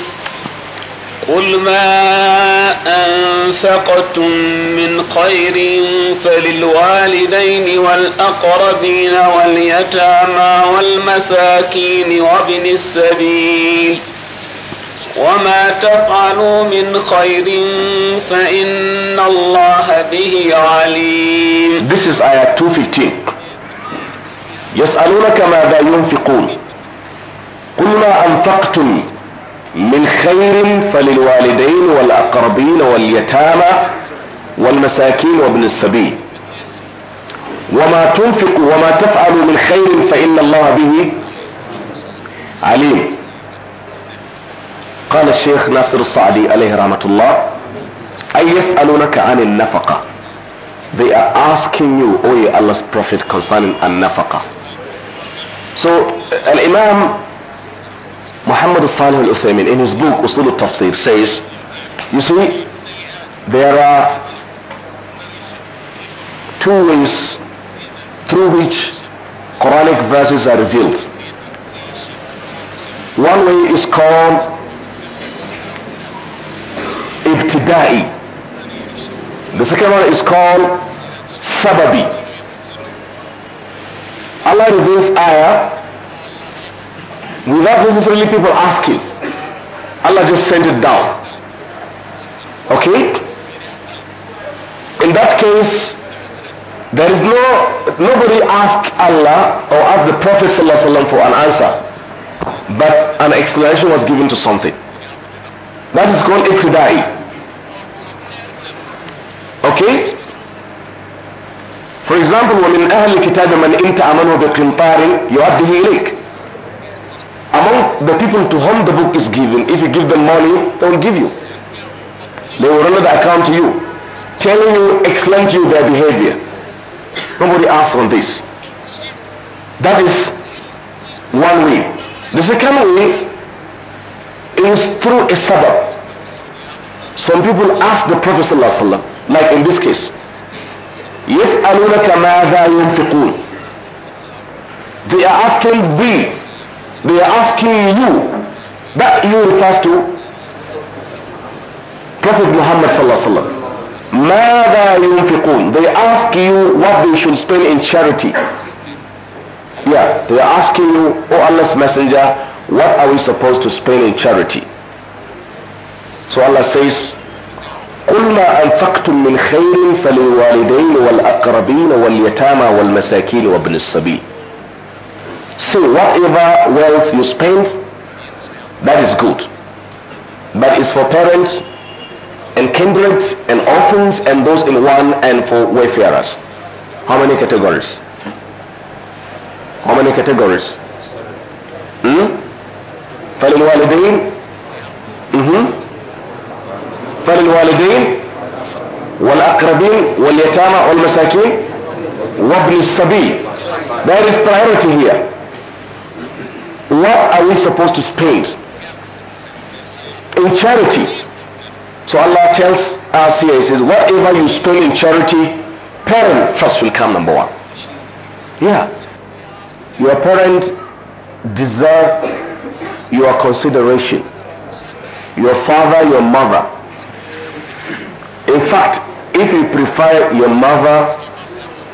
قل ما أنفقتم من خير فللوالدين والأقربين واليتامى والمساكين وابن السبيل وما تفعلوا من خير فإن الله به عليم
This is ayah 215 يسألونك ماذا ينفقون قل ما أنفقتم من خير فللوالدين والأقربين واليتامى والمساكين وابن السبيل وما تنفق وما تفعل من خير فإن الله به عليم قال الشيخ ناصر الصعدي عليه رحمة الله أي يسألونك عن النفقة They are asking you, O Allah's Prophet, concerning النفقة So, الامام Muhammad Salih al-Uthaymin in his book Usul al-Tafsir says, you see, there are two ways through which Quranic verses are revealed. One way is called ibtida'i. The second one is called sababi. Allah reveals ayah without necessarily people asking. Allah just sent it down. Okay? In that case, there is no nobody ask Allah or ask the Prophet for an answer, but an explanation was given to something. That is called iqtidai. Okay? For example, ومن أهل الكتاب من إن you بقنطار the إليك among the people to whom the book is given, if you give them money, they will give you. They will run the account to you, telling you, excellent you their behavior. Nobody asks on this. That is one way. The second way is through a sabab. Some people ask the Prophet ﷺ, like in this case, يسألونك ماذا ينفقون They are asking thee they are asking you. That you refers to Prophet Muhammad sallallahu alaihi wasallam. ماذا ينفقون? They ask you what they should spend in charity. Yeah, they are asking you, oh Allah's Messenger, what are we supposed to spend in charity? So Allah says, قل ما أنفقتم من خير فللوالدين والأقربين واليتامى والمساكين وابن السبيل so whatever wealth you spend, that is good. But it's for parents and kindred and orphans and those in one and for wayfarers. How many categories? How many categories? Hmm? فللوالدين مهم. فللوالدين والأقربين واليتامى والمساكين وابن السبيل There is priority here what are we supposed to spend in charity so allah tells us here he says whatever you spend in charity parent first will come number one yeah your parents deserve your consideration your father your mother in fact if you prefer your mother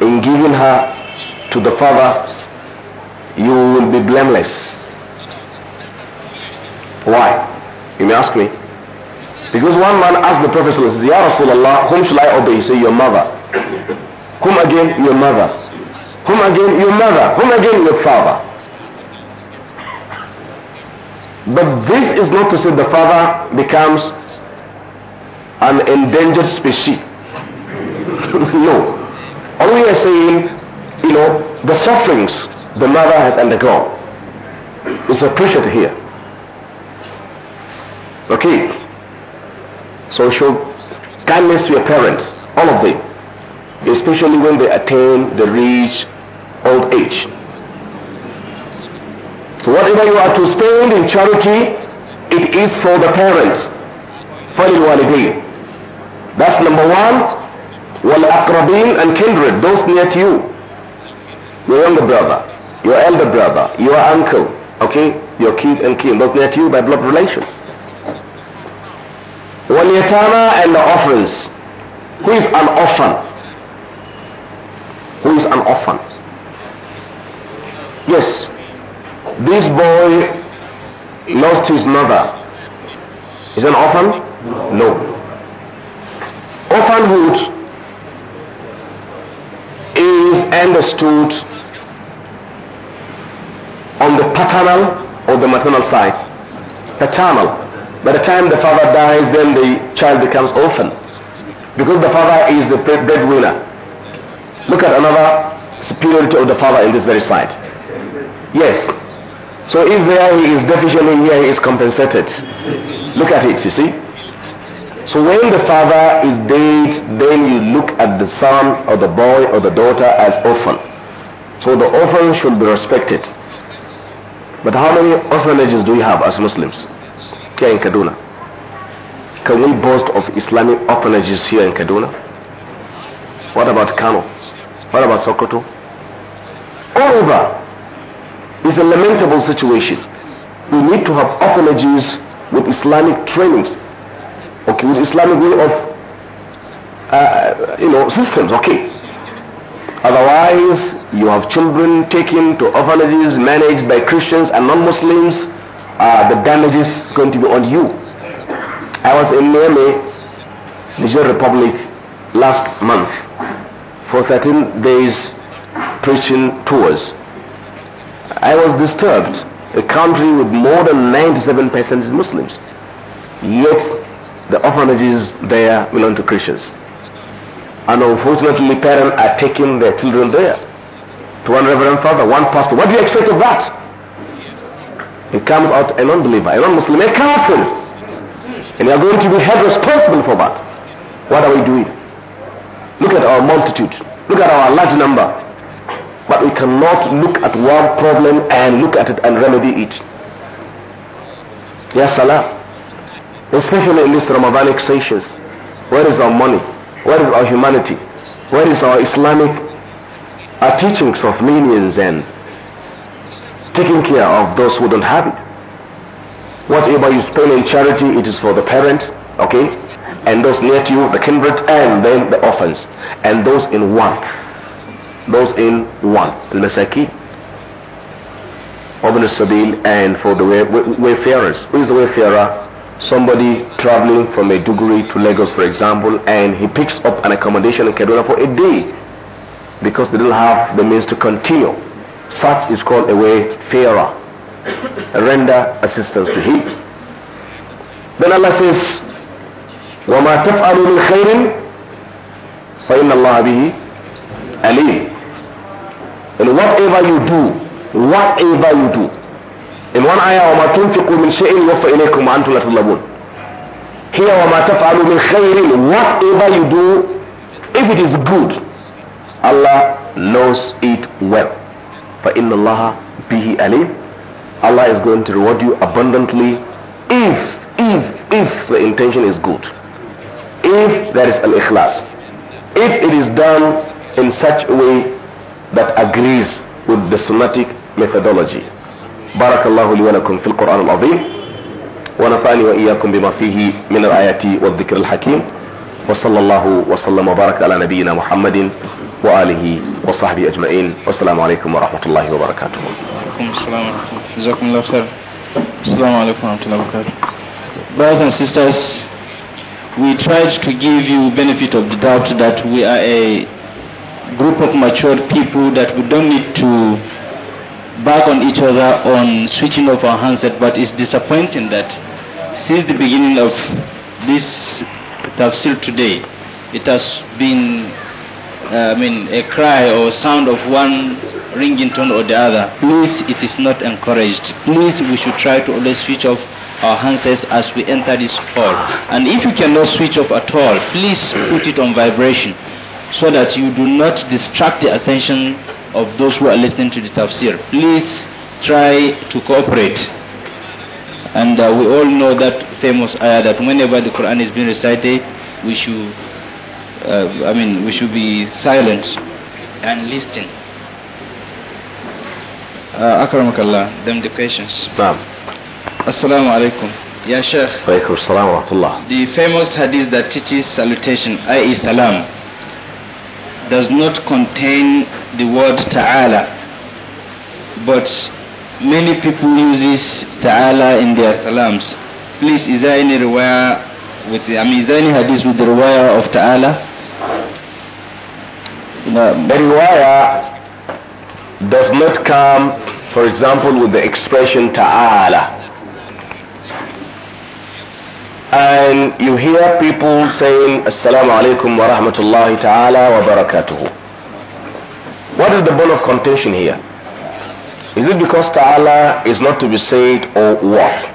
in giving her to the father you will be blameless why? You may ask me. Because one man asked the Prophet, Ya Rasulullah, whom shall I obey? He said, Your mother. Whom again? Your mother. Whom again? Your mother. Whom again? Your father. But this is not to say the father becomes an endangered species. [LAUGHS] no. All we are saying, you know, the sufferings the mother has undergone is appreciated here kids. So show kindness to your parents, all of them, especially when they attain the reach old age. So whatever you are to spend in charity, it is for the parents. فَلِلْوَالِدِينَ That's number one. وَالْأَقْرَبِينَ and kindred, those near to you. Your younger brother, your elder brother, your uncle, okay? Your kids and kin, those near to you by blood relation. واليتامى and the orphans who is an orphan who is an orphan yes this boy lost his mother is an orphan no
orphanhood
is understood on the paternal or the maternal side paternal by the time the father dies, then the child becomes orphan. Because the father is the breadwinner. Look at another superiority of the father in this very side. Yes. So if there he is deficient, here he is compensated. Look at it, you see. So when the father is dead, then you look at the son or the boy or the daughter as orphan. So the orphan should be respected. But how many orphanages do we have as Muslims? here in Kaduna? Can we boast of Islamic orphanages here in Kaduna? What about Kano? What about Sokoto? All over. It's a lamentable situation. We need to have orphanages with Islamic trainings, okay, with Islamic way of, uh, you know, systems, okay. Otherwise, you have children taken to orphanages managed by Christians and non-Muslims uh, the damages is going to be on you. I was in Niamey, Niger Republic, last month for 13 days preaching tours. I was disturbed. A country with more than 97% Muslims. Yet the orphanages there belong to Christians. And unfortunately parents are taking their children there. To one reverend father, one pastor. What do you expect of that? He comes out a non-believer, a non-Muslim, a kafir. And you are going to be held responsible for that. What are we doing? Look at our multitude. Look at our large number. But we cannot look at one problem and look at it and remedy it. Ya Salah. Especially in these Ramadanic sessions. Where is our money? Where is our humanity? Where is our Islamic our uh, teachings of millions and taking care of those who don't have it. Whatever you spend in charity, it is for the parent, okay, and those near to you, the kindred, and then the orphans, and those in want, those in want, al-masaki, ibn sabil, and for the way, wayfarers. Who is the wayfarer? Somebody traveling from Maiduguri to Lagos, for example, and he picks up an accommodation in Kaduna for a day because they don't have the means to continue. Such is called a way fairer. Render assistance to him. Then Allah says, وَمَا تَفْعَلُ مِنْ خَيْرٍ فَإِنَّ اللَّهَ بِهِ أَلِيمٌ And whatever you do, whatever you do, in one ayah, وَمَا تُنْفِقُوا مِنْ شَيْءٍ يُوَفَّ إِلَيْكُمْ وَأَنْتُمْ لَا تُظْلَمُونَ here وَمَا تَفْعَلُ مِنْ خَيْرٍ Whatever you do, if it is good, Allah knows it well. فَإِنَّ اللَّهَ بِهِ عَلِيمٌ Allah is going to reward you abundantly
if, if,
if the intention is good. If there is an ikhlas. If it is done in such a way that agrees with the sunnatic methodology. بارك الله لي ولكم في القرآن العظيم ونفعني وإياكم بما فيه من الآيات والذكر الحكيم وصلى الله وسلم وبارك على نبينا محمد وآله وصحبه أجمعين والسلام عليكم ورحمة الله وبركاته
السلام عليكم جزاكم الله خير السلام عليكم ورحمة الله وبركاته Brothers and sisters, we tried to give you benefit of the doubt that we are a group of matured people that we don't need to back on each other on switching off our handset but it's disappointing that since the beginning of this tafsir today it has been uh, I mean, a cry or sound of one ringing tone or the other, please, it is not encouraged. Please, we should try to always switch off our handsets as we enter this hall. And if you cannot switch off at all, please put it on vibration so that you do not distract the attention of those who are listening to the tafsir. Please try to cooperate. And uh, we all know that famous ayah that whenever the Quran is being recited, we should uh, I mean, we should be silent and listening. Uh, Akramakallah, them the questions. Naam. Assalamu alaikum. Ya Sheikh. Waikum assalamu wa rahmatullah. The famous hadith that teaches salutation, i.e. salam, does not contain the word ta'ala, but many people this ta'ala in their salams. Please, is there any riwayah with, I mean, is there any hadith with the riwayah of ta'ala? No, the riwayah
does not come, for example, with the expression ta'ala. And you hear people saying, Assalamu alaikum wa rahmatullahi ta'ala wa barakatuhu. What is the bone of contention here? Is it because ta'ala is not to be said or what?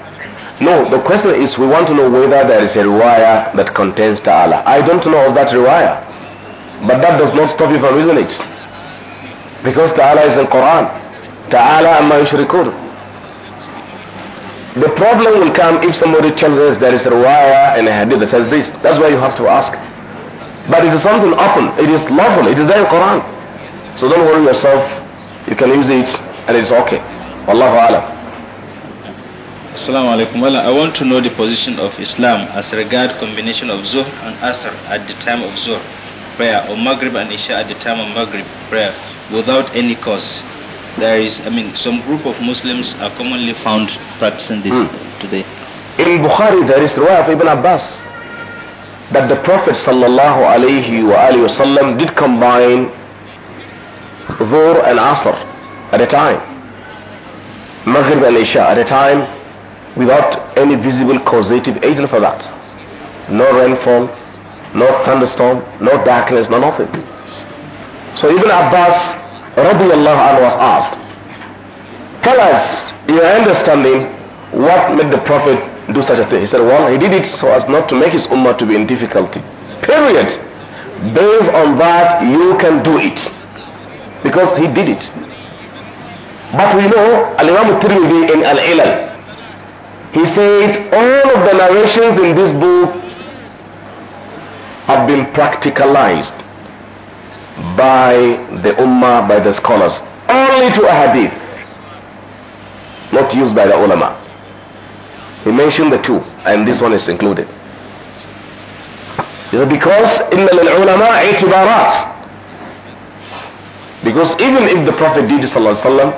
No, the question is we want to know whether there is a riwayah that contains ta'ala. I don't know of that riwayah. But that does not stop you from using it. Because ta'ala is in Quran. Ta'ala amma yushrikun. The problem will come if somebody tells us there is a riwayah and a hadith that says this. That's why you have to ask. But it is something open. It is lawful. It is there in Quran. So don't worry yourself. You can use it and it's okay. Wallahu
Alam. Assalamu alaikum. Well, I want to know the position of Islam as regard combination of Zuhr and Asr at the time of Zuhr prayer or Maghrib and Isha at the time of Maghrib prayer without any cause. There is, I mean, some group of Muslims are commonly found practicing this hmm. today.
In Bukhari, there is riwayah of Ibn Abbas that the Prophet sallallahu alaihi wasallam did combine Zuhr and Asr at a time, Maghrib and Isha at a time, without any visible causative agent for that. No rainfall, no thunderstorm, no darkness, no nothing. So even Abbas radiallahu anhu was asked, tell us your understanding what made the Prophet do such a thing. He said, well, he did it so as not to make his ummah to be in difficulty. Period. Based on that, you can do it. Because he did it. But we know, Al-Imam tirmidhi in Al-Ilal, he said, all of the narrations in this book have been practicalized by the ummah, by the scholars, only to a hadith, not used by the ulama. He mentioned the two, and this one is included. Is because in the ulama itibarat. Because even if the Prophet did sallallahu alaihi wasallam,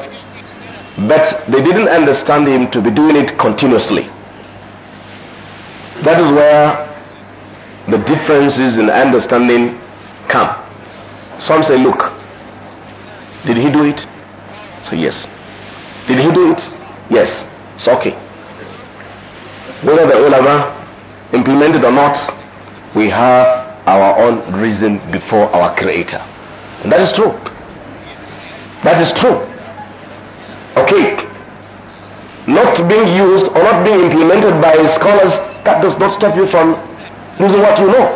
but they didn't understand him to be doing it continuously. That is where the differences in understanding come. Some say, look, did he do it? So yes. Did he do it? Yes. It's okay. Whether the ulama implemented or not, we have our own reason before our creator. And that is true. That is true. Okay. Not being used or not being implemented by scholars, that does not stop you from losing what you know.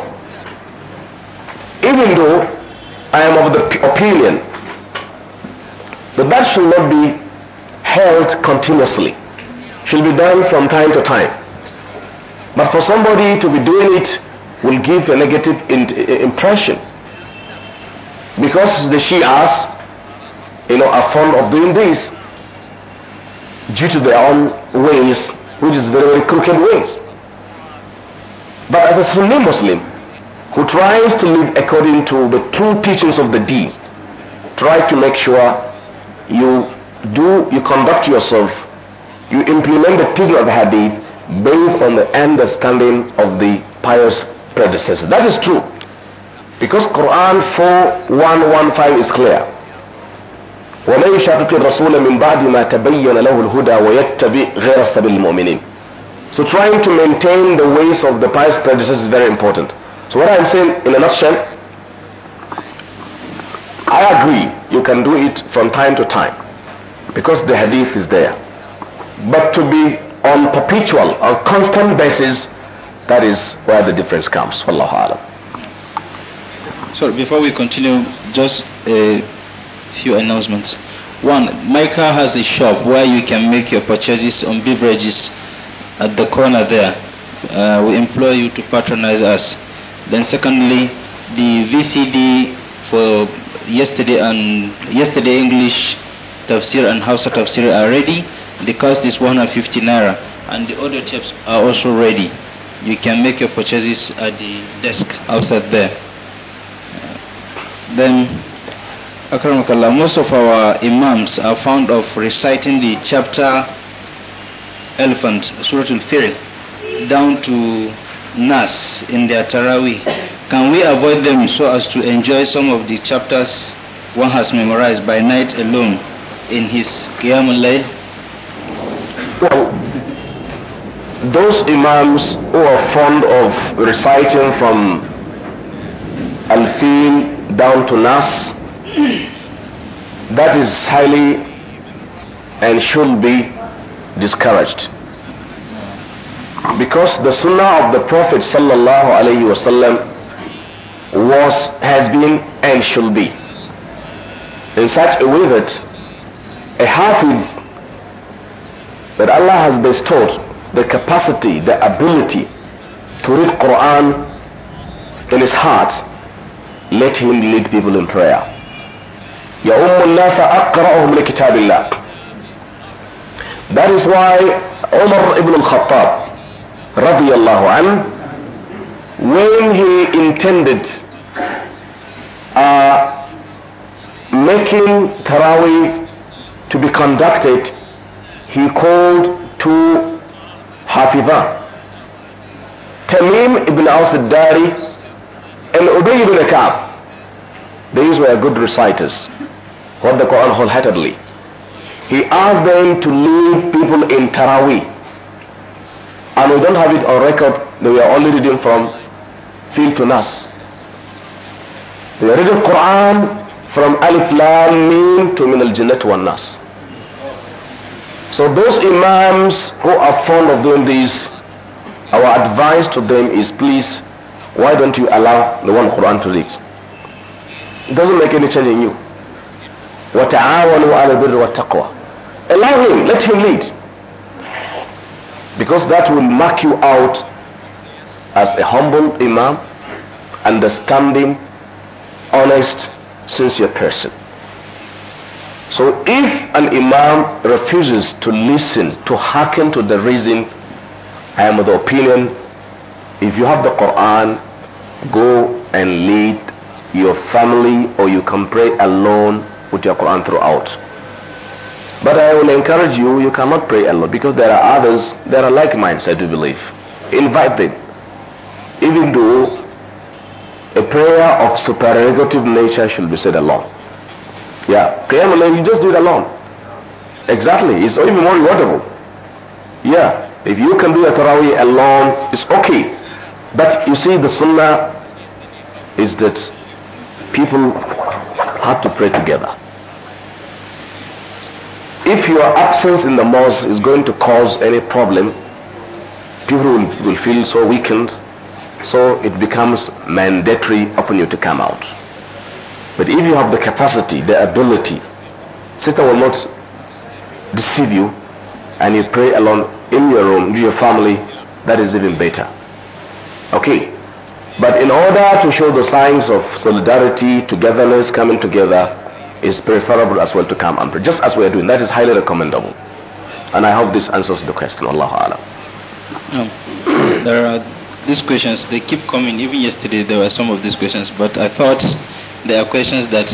Even though I am of the opinion that that should not be held continuously. Should be done from time to time. But for somebody to be doing it will give a negative impression. Because the Shias, you know, are fond of doing this due to their own ways, which is very, very crooked ways. But as a Sunni Muslim who tries to live according to the true teachings of the deen, try to make sure you do, you conduct yourself, you implement the teaching of the hadith based on the understanding of the pious predecessor. That is true. Because Quran 4115 is clear. ومن يشاقق الرسول من بعد ما تبين له الهدى ويتبع غير سبيل المؤمنين so trying to maintain the ways of the pious predecessors is very important so what I'm saying in a nutshell I agree you can do it from time to time because the hadith is there but to be on perpetual
or constant basis that is where the difference comes Wallahu alam. So before we continue just uh, few announcements. One, my car has a shop where you can make your purchases on beverages at the corner there. Uh, we implore you to patronize us. Then secondly, the VCD for yesterday and yesterday English tafsir and Hausa tafsir are ready. The cost is 150 naira, and the audio tapes are also ready. You can make your purchases at the desk outside there. Uh, then Akramakallah, most of our imams are fond of reciting the chapter Elephant, Surah Al-Fir, down to Nas in their Taraweeh. Can we avoid them so as to enjoy some of the chapters one has memorized by night alone in his Qiyam al Well, those imams who are fond of reciting from
Al-Fil down to Nas, [CLEARS THROAT] That is highly and should be discouraged. Because the sunnah of the Prophet sallallahu alayhi wasallam was, has been and should be. In such a way that a hafiz that Allah has bestowed the capacity, the ability to read Quran in his heart, let him lead people in prayer. النَّاسَ أَقْرَأُهُمْ لِكِتَابِ اللَّهِ That is why Umar ibn al-Khattab رضي الله عنه when he intended uh, making Tarawih to be conducted he called to Hafidah Tamim ibn al-Dari and Ubay ibn Ka'b these were good reciters what the Quran wholeheartedly. He asked them to lead people in Taraweeh. And we don't have it on record that we are only reading from Fil to Nas. We are reading Quran from Alif Lam Mim to Min al Jannat wa Nas. So those imams who are fond of doing this, our advice to them is please, why don't you allow the one Quran to read? It doesn't make any change in you. وَتَعَاوَنُوا عَلَى الْبِرِّ وَالتَّقْوَى Allow him, let him lead. Because that will mark you out as a humble imam, understanding, honest, sincere person. So if an imam refuses to listen, to hearken to the reason, I am of the opinion, if you have the Quran, go and lead your family or you can pray alone with your Quran throughout. But I will encourage you, you cannot pray alone because there are others that are like minds, I do believe. Invite them. Even though a prayer of supererogative nature should be said alone. Yeah, alone, you just do it alone. Exactly, it's even more rewardable. Yeah, if you can do a Taraweeh alone, it's okay. But you see, the Sunnah is that people had to pray together. If your absence in the mosque is going to cause any problem, people will, will feel so weakened, so it becomes mandatory upon you to come out. But if you have the capacity, the ability, Satan will not deceive you and you pray alone in your room with your family, that is even better. Okay. But in order to show the signs of solidarity, togetherness, coming together, it's preferable as well to come and pray. Just as we are doing. That is highly recommendable. And I hope this answers the question. Allahu Alam.
No. There are these questions, they keep coming. Even yesterday, there were some of these questions. But I thought there are questions that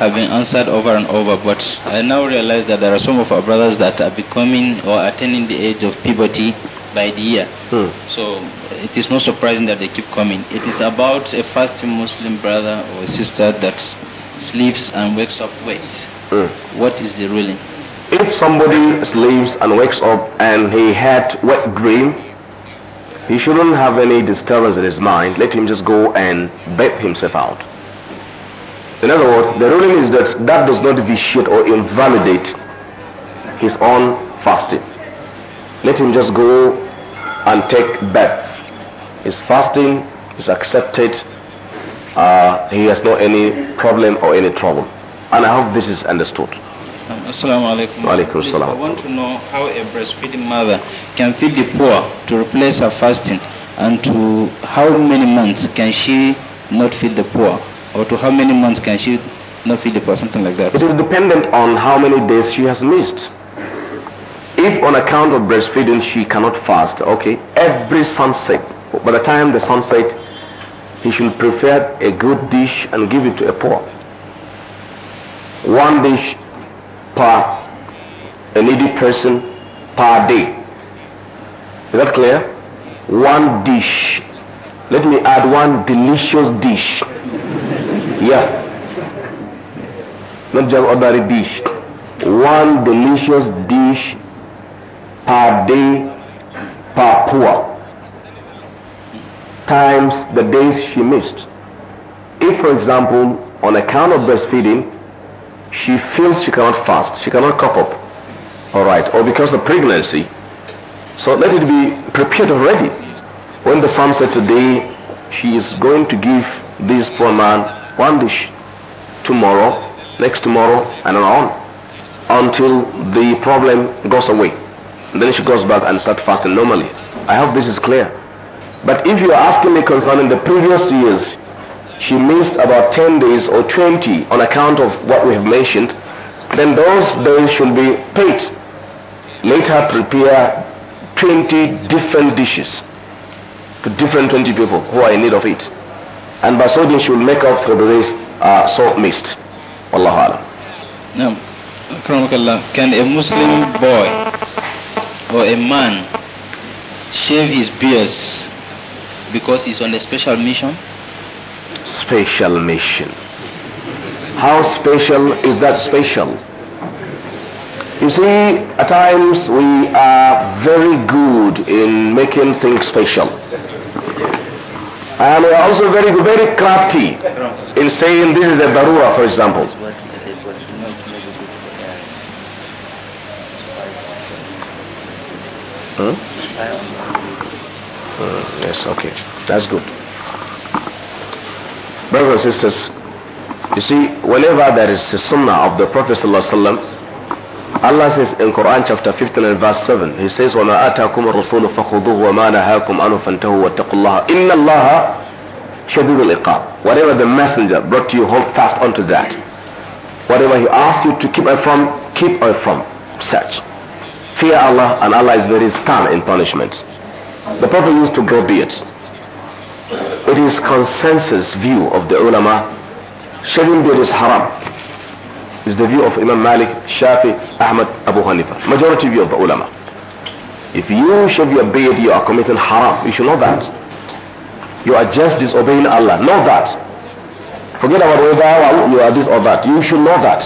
have been answered over and over. But I now realize that there are some of our brothers that are becoming or attaining the age of puberty by the year. Hmm. So it is not surprising that they keep coming. It is about a fasting Muslim brother or sister that sleeps and wakes up late. Hmm. What is the ruling?
If somebody sleeps and wakes up and he had wet dream, he shouldn't have any disturbance in his mind. Let him just go and bathe himself out. In other words, the ruling is that that does not vitiate or invalidate his own fasting. Let him just go and take bath. His fasting is accepted. Uh, he has no any problem or any trouble. And I hope this is understood.
Um, assalamu alaikum. Please, I want to know how a breastfeeding mother can feed the poor to replace her fasting and to how many months can she not feed the poor or to how many months can she not feed the poor, something like that. It is
dependent on how many days she has missed. If on account of breastfeeding she cannot fast, okay, every sunset, by the time the sun sets, he should prepare a good dish and give it to a poor. One dish per a needy person per day. Is that clear? One dish. Let me add one delicious dish. Yeah. Not just ordinary dish. One delicious dish per day per poor times the days she missed. If, for example, on account of breastfeeding, she feels she cannot fast, she cannot cough up, all right, or because of pregnancy, so let it be prepared already. When the farm said today she is going to give this poor man one dish, tomorrow, next tomorrow, and on until the problem goes away. And then she goes back and starts fasting normally. I hope this is clear. But if you're asking me concerning the previous years, she missed about 10 days or 20 on account of what we have mentioned, then those days should be paid. Later prepare 20 different dishes to different 20 people who are in need of it. And by so doing, she will make up for the days uh, so missed. Wallahu alam. Now,
can a Muslim boy or a man shave his beards because he's on a special mission? Special mission. How special is that special?
You see, at times we are very good in making things special. And we are also very, very
crafty in saying this is a barua, for example.
Hmm?
Mm, yes, okay. That's good. Brothers and sisters, you see, whenever there is a sunnah of the Prophet ﷺ, Allah says in Quran chapter 15 and verse 7, He says, وَمَا آتَاكُمُ Whatever the messenger brought to you, hold fast onto that. Whatever he asks you to keep away from, keep away from such. Fear Allah and Allah is very stern in punishment. The Prophet used to grow beard. It is consensus view of the ulama. Shaving beard is haram. Is the view of Imam Malik, Shafi, Ahmad, Abu Hanifa. Majority view of the ulama. If you shave your beard, you are committing haram. You should know that. You are just disobeying Allah. Know that. Forget about whether you are this or that. You should know that.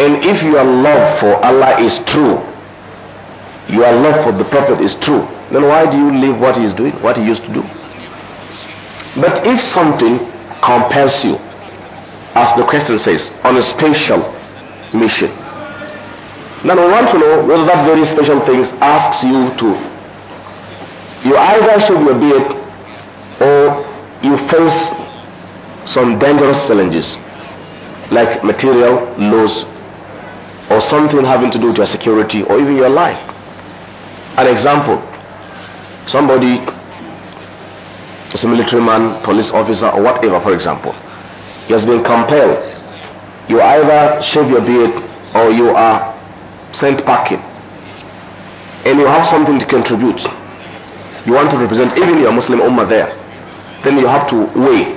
And if your love for Allah is true, your love for the Prophet is true, then why do you leave what he is doing, what he used to do? But if something compels you, as the question says, on a special mission, then we want to know whether that very special thing asks you to. You either should obey it or you face some dangerous challenges like material loss, or something having to do with your security or even your life. An example somebody is a military man, police officer, or whatever, for example, he has been compelled. You either shave your beard or you are sent packing. And you have something to contribute. You want to represent even your Muslim Ummah there. Then you have to weigh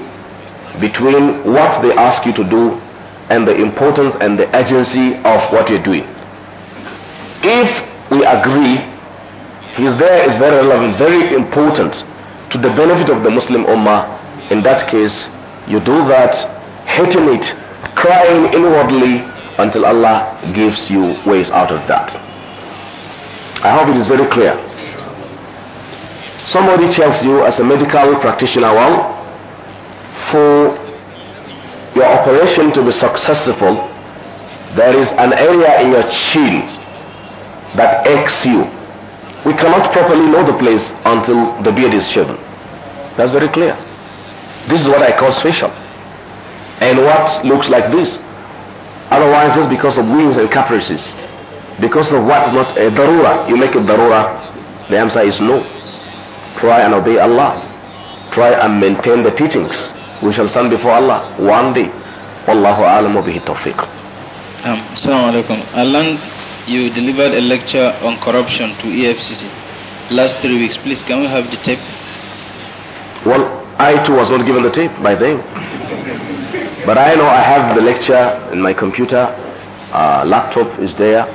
between what they ask you to do and the importance and the urgency of what you're doing. If we agree he is there is very relevant, very important to the benefit of the Muslim Ummah. In that case, you do that, hating it, crying inwardly until Allah gives you ways out of that. I hope it is very clear. Somebody tells you as a medical practitioner, well, for your operation to be successful, there is an area in your chin that aches you. We cannot properly know the place until the beard is shaven. That's very clear. This is what I call facial. And what looks like this? Otherwise, it's because of whims and caprices. Because of what is not a darura. You make a darura. The answer is no. Try and obey Allah. Try and maintain the teachings. We shall stand before Allah one day. Wallahu alamu bihi tawfiq.
Um, alaikum you delivered a lecture on corruption to EFCC last three weeks. Please, can we have the tape? Well, I too was not given the tape by them.
But I know I have the lecture in my computer, uh, laptop is there.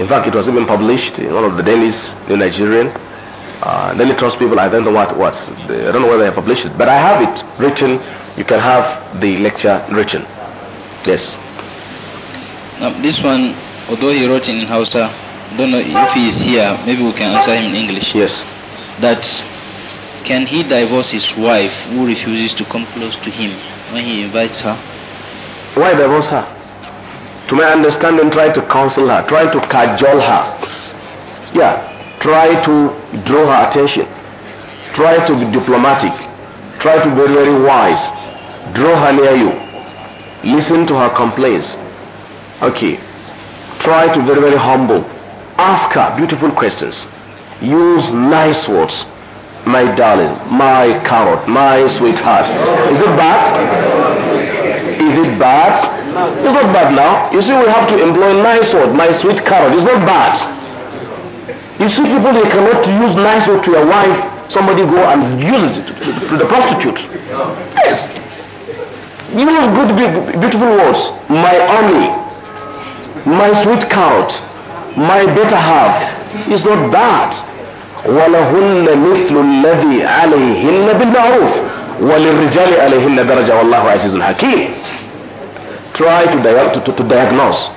In fact, it was even published in one of the dailies, the Nigerian. Uh, Daily Trust people, I don't know what it was. I don't know whether they published it, but I have it written. You can have the lecture written. Yes.
Now, this one although he wrote in Hausa, don't know if he is here, maybe we can answer him in English. Yes. That can he divorce his wife who refuses to come close to him when he invites her? Why divorce her? To my understanding, try to
counsel her, try to cajole her. Yeah, try to draw her attention. Try to be diplomatic. Try to be very wise. Draw her near you. Listen to her complaints. Okay. Try to very, very humble. Ask her beautiful questions. Use nice words. My darling, my carrot, my sweetheart. Is it
bad? Is it bad? It's
not bad now. You see, we have to employ nice word, my sweet carrot. It's not bad. You see, people they cannot use nice word to your wife. Somebody go and use it to, the prostitute. Yes. Use good, beautiful words. My honey my sweet carrot, my better half is not bad. ولهن مثل الذي عليهن بالمعروف وللرجال عليهن درجة والله عزيز try to, to, to, to diagnose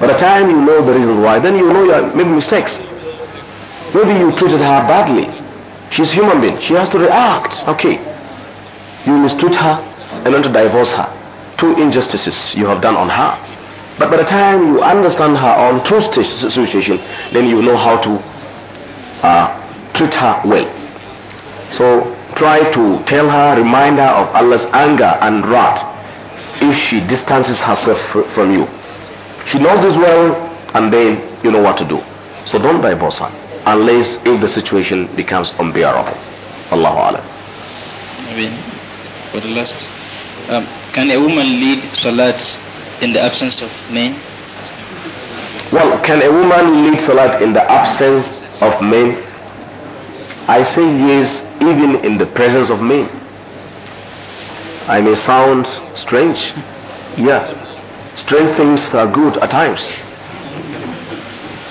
by the time you know the reason why then you know you made mistakes maybe you treated her badly she's human being she has to react okay you mistreat her and want to divorce her two injustices you have done on her but by the time you understand her own true situation, then you know how to uh, treat her well. So try to tell her, remind her of Allah's anger and wrath if she distances herself from you. She knows this well, and then you know what to do. So don't divorce her unless if the situation
becomes unbearable. Allahu Alam. I mean, for the last, um, can a woman lead salat in the absence of men?
Well, can a woman lead salat in the absence of men? I say yes, even in the presence of men. I may sound strange. Yeah, strange things are good at times.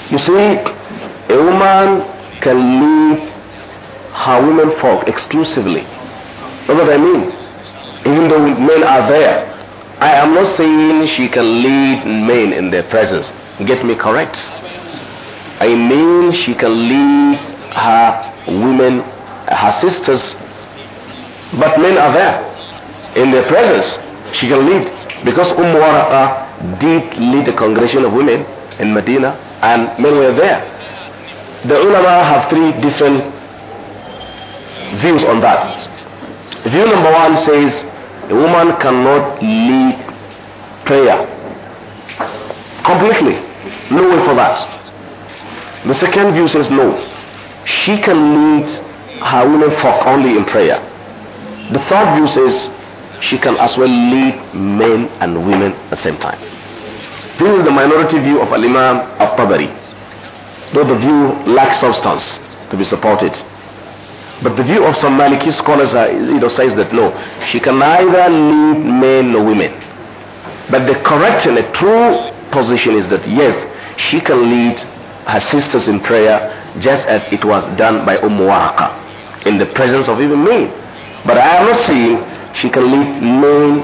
You see, a woman can lead her women folk exclusively. Know what I mean? Even though men are there, I am not saying she can lead men in their presence. Get me correct. I mean she can lead her women, her sisters, but men are there in their presence. She can lead because Umm Waraqa did lead the congregation of women in Medina and men were there. The ulama have three different views on that. View number one says a woman cannot lead prayer completely. No way for that. The second view says no. She can lead her women folk only in prayer. The third view says she can as well lead men and women at the same time. This is the minority view of Al-Imam al-Tabari. Though the view lacks substance to be supported but the view of some Maliki scholars are, you know, says that no, she can neither lead men nor women. But the correct and the true position is that yes, she can lead her sisters in prayer just as it was done by Umm Waraka in the presence of even men. But I am not saying she can lead men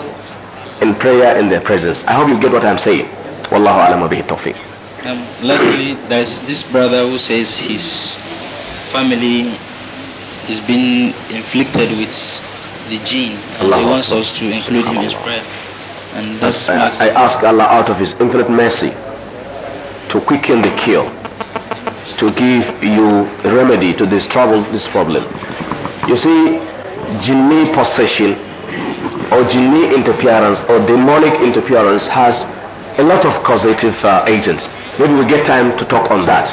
in prayer in their presence. I hope you get what I'm saying. Wallahu alam bihi tawfiq.
Um, lastly, there's this brother who says his family is being inflicted with the jinn. Allah he wants us to include him in prayer. And that's I, I
ask Allah out of his infinite mercy to quicken the cure, to give you remedy to this trouble, this problem. You see, jinni possession or jinni interference or demonic interference has a lot of causative uh, agents. Maybe we we'll get time to talk on that.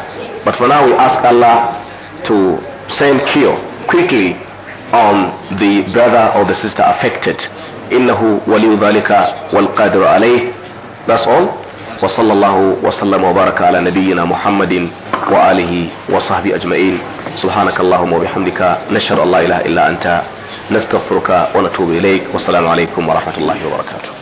But for now, we ask Allah to send cure quickly on the brother or the sister affected. إنه ولي ذلك والقادر عليه. That's all. وصلى الله وسلم وبارك على نبينا محمد وآله وصحبه أجمعين سبحانك اللهم
وبحمدك نشهد الله إله إلا أنت نستغفرك ونتوب إليك والسلام عليكم ورحمة الله وبركاته